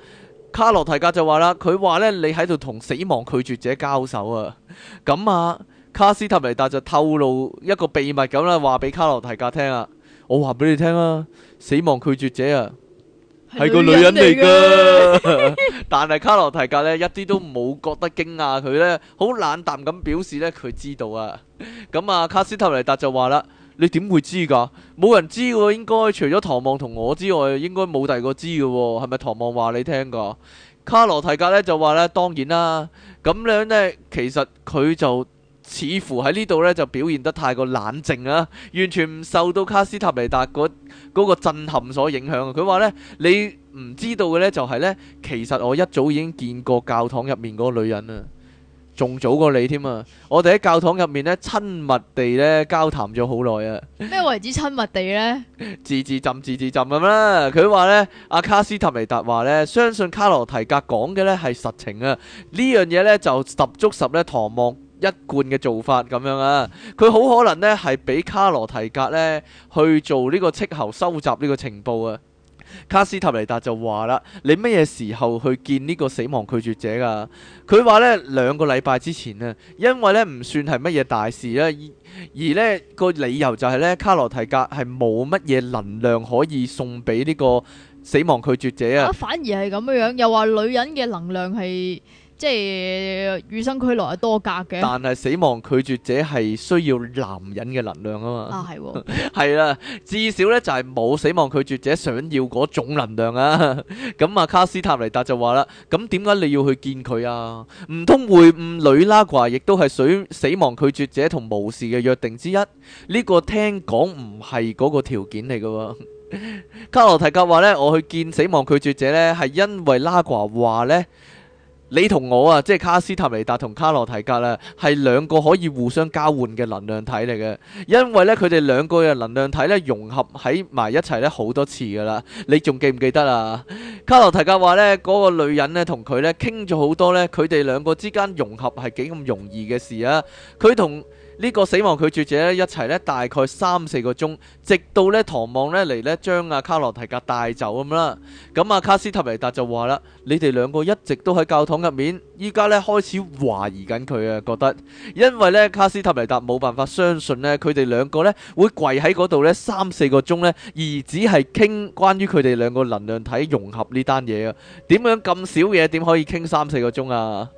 卡洛提格就話啦，佢話呢，你喺度同死亡拒絕者交手啊，咁啊，卡斯塔尼達就透露一個秘密咁啦，話俾卡洛提格聽啊，我話俾你聽啊，死亡拒絕者啊係個女人嚟噶，但係卡洛提格呢，一啲都冇覺得驚訝，佢呢好冷淡咁表示呢，佢知道啊，咁啊，卡斯塔尼達就話啦。你點會知㗎？冇人知喎，應該除咗唐望同我之外，應該冇第二個知嘅喎。係咪唐望話你聽㗎？卡羅提格呢就話呢，當然啦。咁樣呢，其實佢就似乎喺呢度呢就表現得太過冷靜啊，完全唔受到卡斯塔尼達嗰、嗰個震撼所影響。佢話呢，你唔知道嘅呢就係、是、呢，其實我一早已經見過教堂入面嗰個女人啊。仲早過你添啊！我哋喺教堂入面呢，親密地呢，交談咗好耐啊！咩為之親密地呢？字字浸，字字浸咁啦。佢話呢，阿卡斯塔尼達話呢，相信卡羅提格講嘅呢係實情啊！呢樣嘢呢，就十足十呢唐望一貫嘅做法咁樣啊！佢好可能呢，係俾卡羅提格呢去做呢個斥候收集呢個情報啊！卡斯塔尼達就話啦，你乜嘢時候去見呢個死亡拒絕者啊？佢話呢兩個禮拜之前啊，因為呢唔算係乜嘢大事啦，而呢個理由就係呢，卡羅提格係冇乜嘢能量可以送俾呢個死亡拒絕者啊。反而係咁樣樣，又話女人嘅能量係。即係與生俱來多格嘅，但係死亡拒絕者係需要男人嘅能量啊嘛。啊係，係啦，至少咧就係冇死亡拒絕者想要嗰種能量啊。咁阿卡斯塔尼達就話啦，咁點解你要去見佢啊？唔通會誤女拉掛？亦都係水死亡拒絕者同巫士嘅約定之一。呢個聽講唔係嗰個條件嚟噶。卡洛提格話咧，我去見死亡拒絕者咧，係因為拉掛話咧。你同我啊，即係卡斯塔尼達同卡洛提格啦，係兩個可以互相交換嘅能量體嚟嘅。因為咧，佢哋兩個嘅能量體咧融合喺埋一齊咧好多次噶啦。你仲記唔記得啊？卡洛提格話咧，嗰個女人咧同佢咧傾咗好多咧，佢哋兩個之間融合係幾咁容易嘅事啊。佢同呢個死亡拒絕者咧一齊咧大概三四個鐘，直到咧唐望咧嚟咧將阿卡洛提格帶走咁啦。咁阿卡斯泰尼達就話啦：「你哋兩個一直都喺教堂入面，依家咧開始懷疑緊佢啊，覺得因為咧卡斯泰尼達冇辦法相信咧佢哋兩個咧會跪喺嗰度咧三四個鐘咧，而只係傾關於佢哋兩個能量體融合呢單嘢啊。點樣咁少嘢點可以傾三四個鐘啊？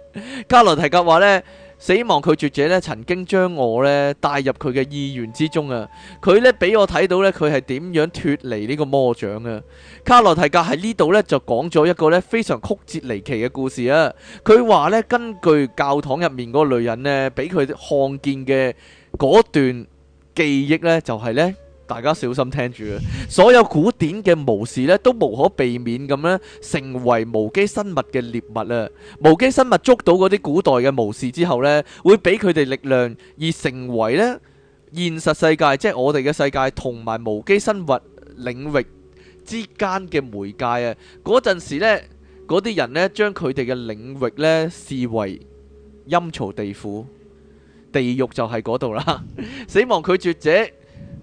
卡洛提格話呢。」死亡拒絕者咧曾經將我咧帶入佢嘅意願之中啊！佢咧俾我睇到咧佢係點樣脱離呢個魔掌啊！卡洛提格喺呢度咧就講咗一個咧非常曲折離奇嘅故事啊！佢話咧根據教堂入面嗰個女人咧俾佢看見嘅嗰段記憶呢就係呢。大家小心聽住啊！所有古典嘅巫士咧，都無可避免咁咧，成為無機生物嘅獵物啊！無機生物捉到嗰啲古代嘅巫士之後咧，會俾佢哋力量，而成為咧現實世界，即係我哋嘅世界同埋無機生物領域之間嘅媒介啊！嗰陣時咧，嗰啲人咧將佢哋嘅領域咧視為陰曹地府、地獄就係嗰度啦，死亡拒絕者。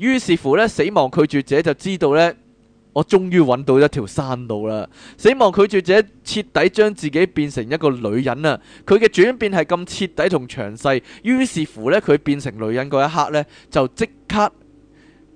於是乎咧，死亡拒絕者就知道咧，我終於揾到一條山路啦！死亡拒絕者徹底將自己變成一個女人啦！佢嘅轉變係咁徹底同詳細，於是乎咧，佢變成女人嗰一刻咧，就即刻。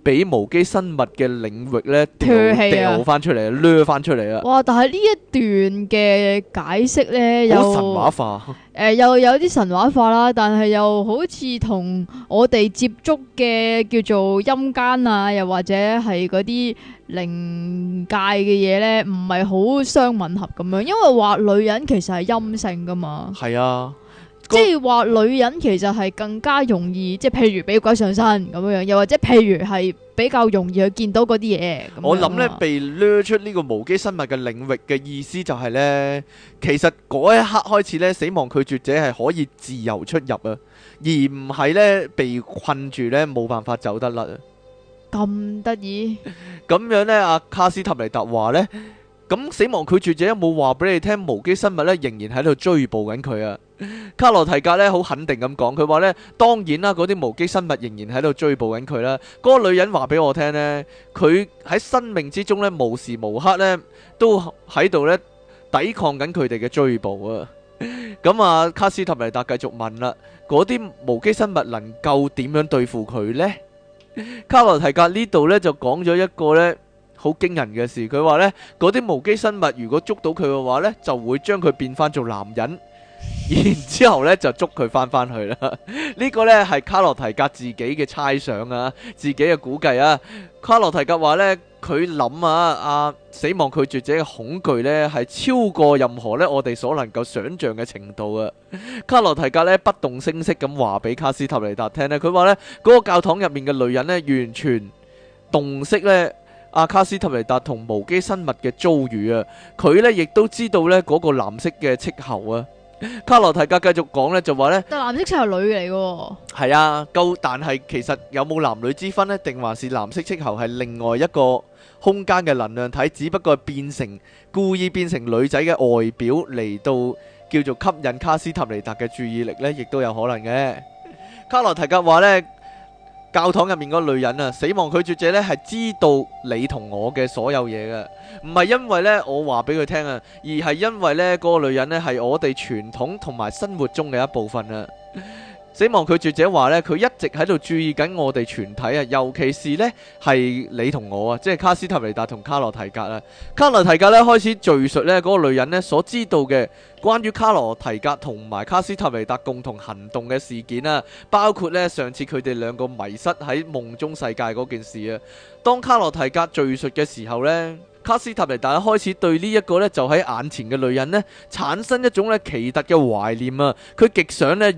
俾無機生物嘅領域咧，脫氣，掉翻出嚟，掠翻出嚟啦！哇！但係呢一段嘅解釋咧，有神話化，誒又、呃、又有啲神話化啦。但係又好似同我哋接觸嘅叫做陰間啊，又或者係嗰啲靈界嘅嘢咧，唔係好相吻合咁樣。因為話女人其實係陰性噶嘛，係啊。即係話女人其實係更加容易，即係譬如俾鬼上身咁樣又或者譬如係比較容易去見到嗰啲嘢。我諗呢，樣被掠出呢個無機生物嘅領域嘅意思就係呢，其實嗰一刻開始呢，死亡拒絕者係可以自由出入啊，而唔係呢，被困住呢，冇辦法走得甩啊。咁得意？咁 樣呢，阿卡斯塔尼達話呢。咁死亡拒絕者有冇話俾你聽，無機生物咧仍然喺度追捕緊佢啊？卡洛提格咧好肯定咁講，佢話咧當然啦，嗰啲無機生物仍然喺度追捕緊佢啦。嗰個女人話俾我聽咧，佢喺生命之中咧，無時無刻咧都喺度咧抵抗緊佢哋嘅追捕啊。咁啊，卡斯特尼達繼續問啦，嗰啲無機生物能夠點樣對付佢咧？卡洛提格呢度咧就講咗一個咧。好驚人嘅事，佢話咧嗰啲無機生物如果捉到佢嘅話咧，就會將佢變翻做男人，然之後咧就捉佢翻翻去啦。呢個咧係卡洛提格自己嘅猜想啊，自己嘅估計啊。卡洛提格話咧，佢諗啊啊，死亡拒絕者嘅恐懼咧係超過任何咧我哋所能夠想象嘅程度啊。卡洛提格咧不動聲色咁話俾卡斯塔尼達聽咧，佢話咧嗰個教堂入面嘅女人咧完全動色咧。阿卡斯塔尼達同無機生物嘅遭遇啊，佢呢亦都知道呢嗰個藍色嘅斥候啊。卡洛提格繼續講呢就話呢，但藍色斥候女嚟嘅，係啊，夠。但係其實有冇男女之分呢？定還是藍色斥候係另外一個空間嘅能量體，只不過變成故意變成女仔嘅外表嚟到叫做吸引卡斯塔尼達嘅注意力呢，亦都有可能嘅。卡洛提格話呢。教堂入面嗰個女人啊，死亡拒絕者呢係知道你同我嘅所有嘢嘅，唔係因為呢我話俾佢聽啊，而係因為呢嗰、嗰個女人呢係我哋傳統同埋生活中嘅一部分啊。 死亡拒絕者話呢佢一直喺度注意緊我哋全體啊，尤其是呢係你同我啊，即係卡斯塔尼達同卡洛提格啊。卡洛提格呢開始敘述呢嗰個女人呢所知道嘅關於卡洛提格同埋卡斯塔尼達共同行動嘅事件啊，包括呢上次佢哋兩個迷失喺夢中世界嗰件事啊。當卡洛提格敘述嘅時候呢，卡斯塔尼達開始對呢一個呢就喺眼前嘅女人呢產生一種呢奇特嘅懷念啊，佢極想呢。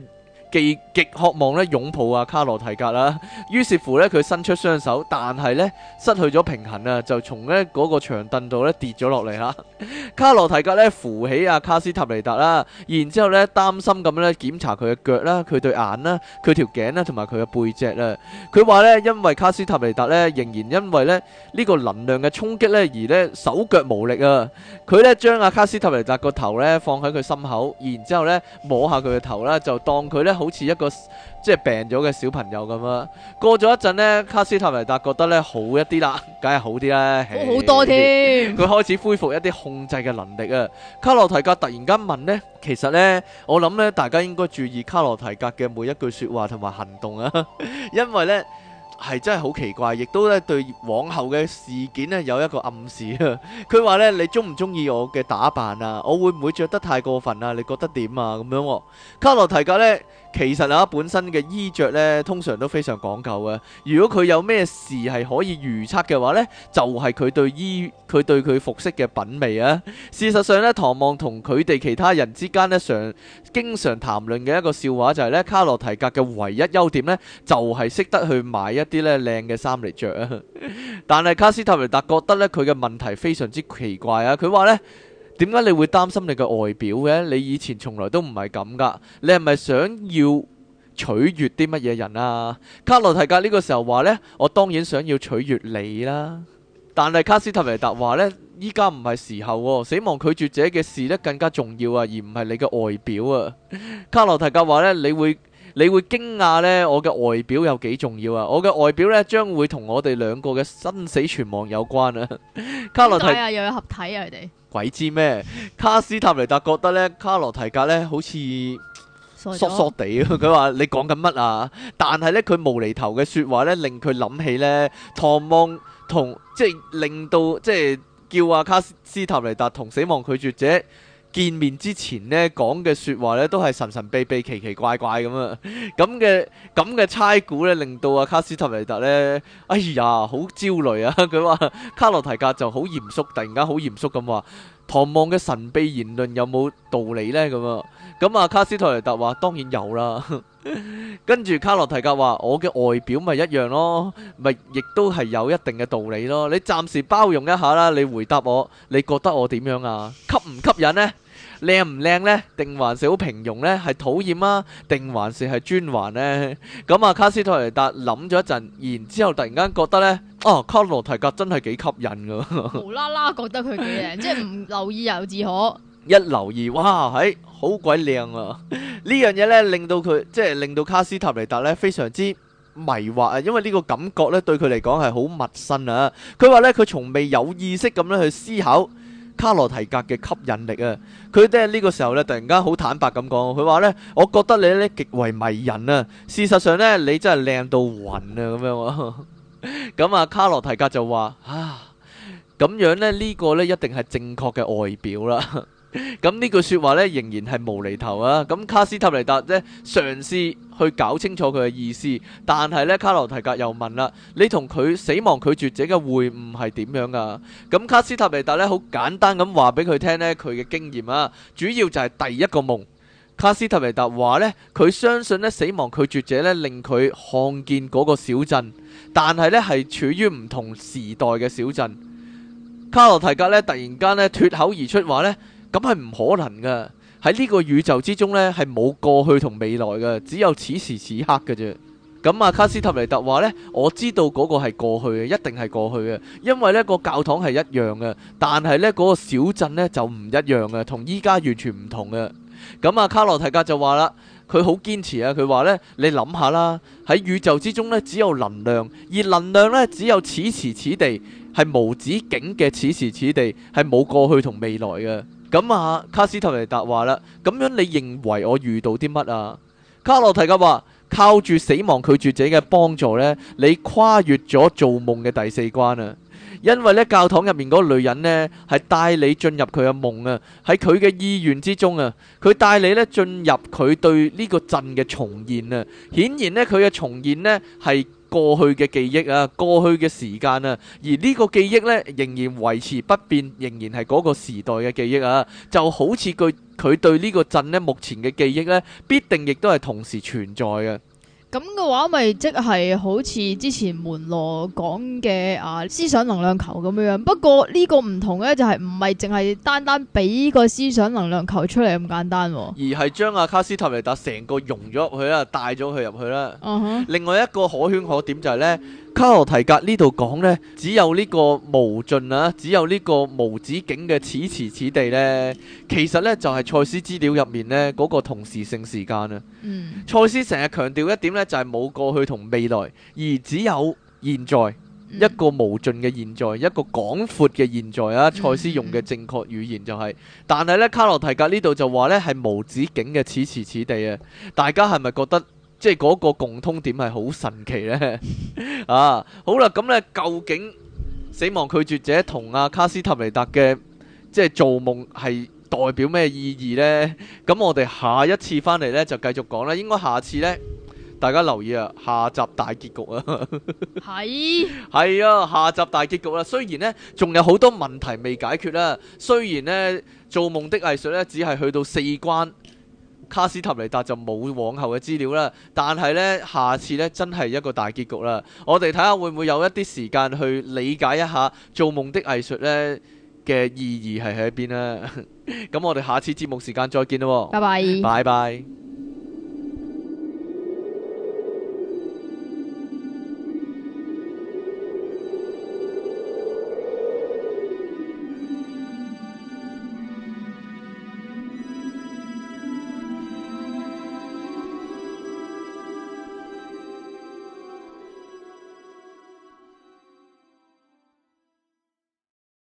既極渴望咧擁抱阿、啊、卡羅提格啦，於是乎咧佢伸出雙手，但係咧失去咗平衡啊，就從咧嗰、那個長凳度咧跌咗落嚟啦。卡羅提格咧扶起阿、啊、卡斯塔尼達啦，然之後咧擔心咁咧檢查佢嘅腳啦、佢對眼啦、佢條頸啦同埋佢嘅背脊啦。佢話咧因為卡斯塔尼達咧仍然因為咧呢、這個能量嘅衝擊咧而咧手腳無力呢啊。佢咧將阿卡斯塔尼達個頭咧放喺佢心口，然之後咧摸下佢嘅頭啦，就當佢咧。好似一個即係病咗嘅小朋友咁啊！過咗一陣呢，卡斯塔尼達覺得呢好一啲啦，梗係好啲啦，好多添。佢開始恢復一啲控制嘅能力啊！卡洛提格突然間問呢：「其實呢，我諗呢大家應該注意卡洛提格嘅每一句說話同埋行動啊，因為呢係真係好奇怪，亦都呢對往後嘅事件呢有一個暗示啊！佢話呢：「你中唔中意我嘅打扮啊？我會唔會着得太過分啊？你覺得點啊？咁樣、啊，卡洛提格呢。其實啊，本身嘅衣着咧，通常都非常講究嘅。如果佢有咩事係可以預測嘅話呢，就係、是、佢對衣佢對佢服飾嘅品味啊。事實上咧，唐望同佢哋其他人之間咧，常經常談論嘅一個笑話就係呢，卡洛提格嘅唯一優點呢，就係、是、識得去買一啲咧靚嘅衫嚟着。」啊。 但係卡斯塔利達覺得呢，佢嘅問題非常之奇怪啊。佢話呢。」點解你會擔心你嘅外表嘅？你以前從來都唔係咁噶，你係咪想要取悦啲乜嘢人啊？卡洛提格呢個時候話呢，我當然想要取悦你啦。但係卡斯特維達話呢，依家唔係時候啊，死亡拒絕者嘅事咧更加重要啊，而唔係你嘅外表啊。卡洛提格話呢，你會。你會驚訝呢？我嘅外表有幾重要啊！我嘅外表呢，將會同我哋兩個嘅生死存亡有關啊！卡洛提啊，又有合體啊！佢哋鬼知咩？卡斯塔尼達覺得呢，卡洛提格呢好似傻傻哋啊！佢話了瘦的 你講緊乜啊？但係呢，佢無厘頭嘅說話呢，令佢諗起呢：「唐望同即係令到即係叫阿、啊、卡斯，斯塔尼達同死亡拒絕者。見面之前咧講嘅説話咧都係神神秘秘、奇奇怪怪咁啊！咁嘅咁嘅猜估咧，令到阿卡斯特尼特呢，哎呀，好焦慮啊！佢話卡洛提格就好嚴肅，突然間好嚴肅咁話：「唐望嘅神秘言論有冇道理呢？」咁啊，咁啊，卡斯特尼特話當然有啦。跟住卡洛提格話：我嘅外表咪一樣咯，咪亦都係有一定嘅道理咯。你暫時包容一下啦，你回答我，你覺得我點樣啊？吸唔吸引呢？」靚唔靚咧？定還是好平庸咧？係討厭啊？定還是係專橫咧？咁啊，卡斯塔尼達諗咗一陣，然之後突然間覺得咧，哦，卡羅提格真係幾吸引噶，無啦啦覺得佢幾靚，即係唔留意又自可一留意，哇，係好鬼靚啊！呢樣嘢咧，令到佢即係令到卡斯塔尼達咧非常之迷惑啊，因為呢個感覺咧對佢嚟講係好陌生啊。佢話咧佢從未有意識咁樣去思考。卡洛提格嘅吸引力啊！佢即係呢個時候咧，突然間好坦白咁講，佢話呢：「我覺得你呢極為迷人啊！事實上呢，你真係靚到暈啊！咁樣，咁啊卡洛提格就話啊，咁樣呢，呢個呢一定係正確嘅外表啦。咁呢句說話呢，仍然係無厘頭啊！咁卡斯塔尼達呢，嘗試去搞清楚佢嘅意思，但係呢，卡羅提格又問啦：你同佢死亡拒絕者嘅會晤係點樣噶？咁卡斯塔尼達呢，好簡單咁話俾佢聽呢，佢嘅經驗啊，主要就係第一個夢。卡斯塔尼達話呢，佢相信呢死亡拒絕者呢令佢看見嗰個小鎮，但係呢，係處於唔同時代嘅小鎮。卡羅提格呢，突然間呢脱口而出話呢。咁係唔可能噶，喺呢個宇宙之中咧，係冇過去同未來噶，只有此時此刻噶啫。咁啊，卡斯塔尼特話咧，我知道嗰個係過去嘅，一定係過去嘅，因為呢個教堂係一樣嘅，但係咧嗰個小鎮咧就唔一樣嘅，同依家完全唔同嘅。咁啊，卡羅提格就話啦，佢好堅持啊，佢話咧，你諗下啦，喺宇宙之中咧只有能量，而能量咧只有此時此地係無止境嘅，此時此地係冇過去同未來嘅。咁啊，卡斯特尼達話啦，咁樣你認為我遇到啲乜啊？卡洛提格話：靠住死亡拒絕者嘅幫助呢，你跨越咗做夢嘅第四關啊！因為呢教堂入面嗰個女人呢，係帶你進入佢嘅夢啊，喺佢嘅意願之中啊，佢帶你呢進入佢對呢個鎮嘅重現啊！顯然呢，佢嘅重現呢係。過去嘅記憶啊，過去嘅時間啊，而呢個記憶呢，仍然維持不變，仍然係嗰個時代嘅記憶啊，就好似佢佢對呢個鎮呢，目前嘅記憶呢，必定亦都係同時存在嘅。咁嘅話咪即係好似之前門羅講嘅啊思想能量球咁樣樣，不過個不呢個唔同咧，就係唔係淨係單單俾個思想能量球出嚟咁簡單、哦，而係將阿卡斯塔尼達成個融咗入去啦，帶咗佢入去啦。嗯哼、uh。Huh. 另外一個可圈可點就係、是、咧，卡羅提格呢度講咧，只有呢個無盡啊，只有呢個無止境嘅此時此，此，此地咧，其實咧就係賽斯資料入面咧、那個同時性時間啊。嗯。賽斯成日強調一點。咧，就係冇過去同未來，而只有現在，一個無盡嘅現在，一個廣闊嘅現在啊。蔡斯用嘅正確語言就係、是，但係呢，卡洛提格呢度就話呢係無止境嘅此、此此此時此地啊。大家係咪覺得即係嗰個共通點係好神奇呢？ 啊」啊好啦，咁、嗯、呢，究竟死亡拒絕者同阿、啊、卡斯塔尼達嘅即係做夢係代表咩意義呢？咁我哋下一次翻嚟呢，就繼續講啦。應該下次呢。大家留意啊，下集大結局啊！係 係是啊，下集大結局啦。雖然呢，仲有好多問題未解決啦，雖然呢，做夢的藝術呢，只係去到四關，卡斯塔尼達就冇往後嘅資料啦。但係呢，下次呢，真係一個大結局啦。我哋睇下會唔會有一啲時間去理解一下做夢的藝術呢嘅意義係喺邊咧？咁 我哋下次節目時間再見咯。拜拜，拜拜。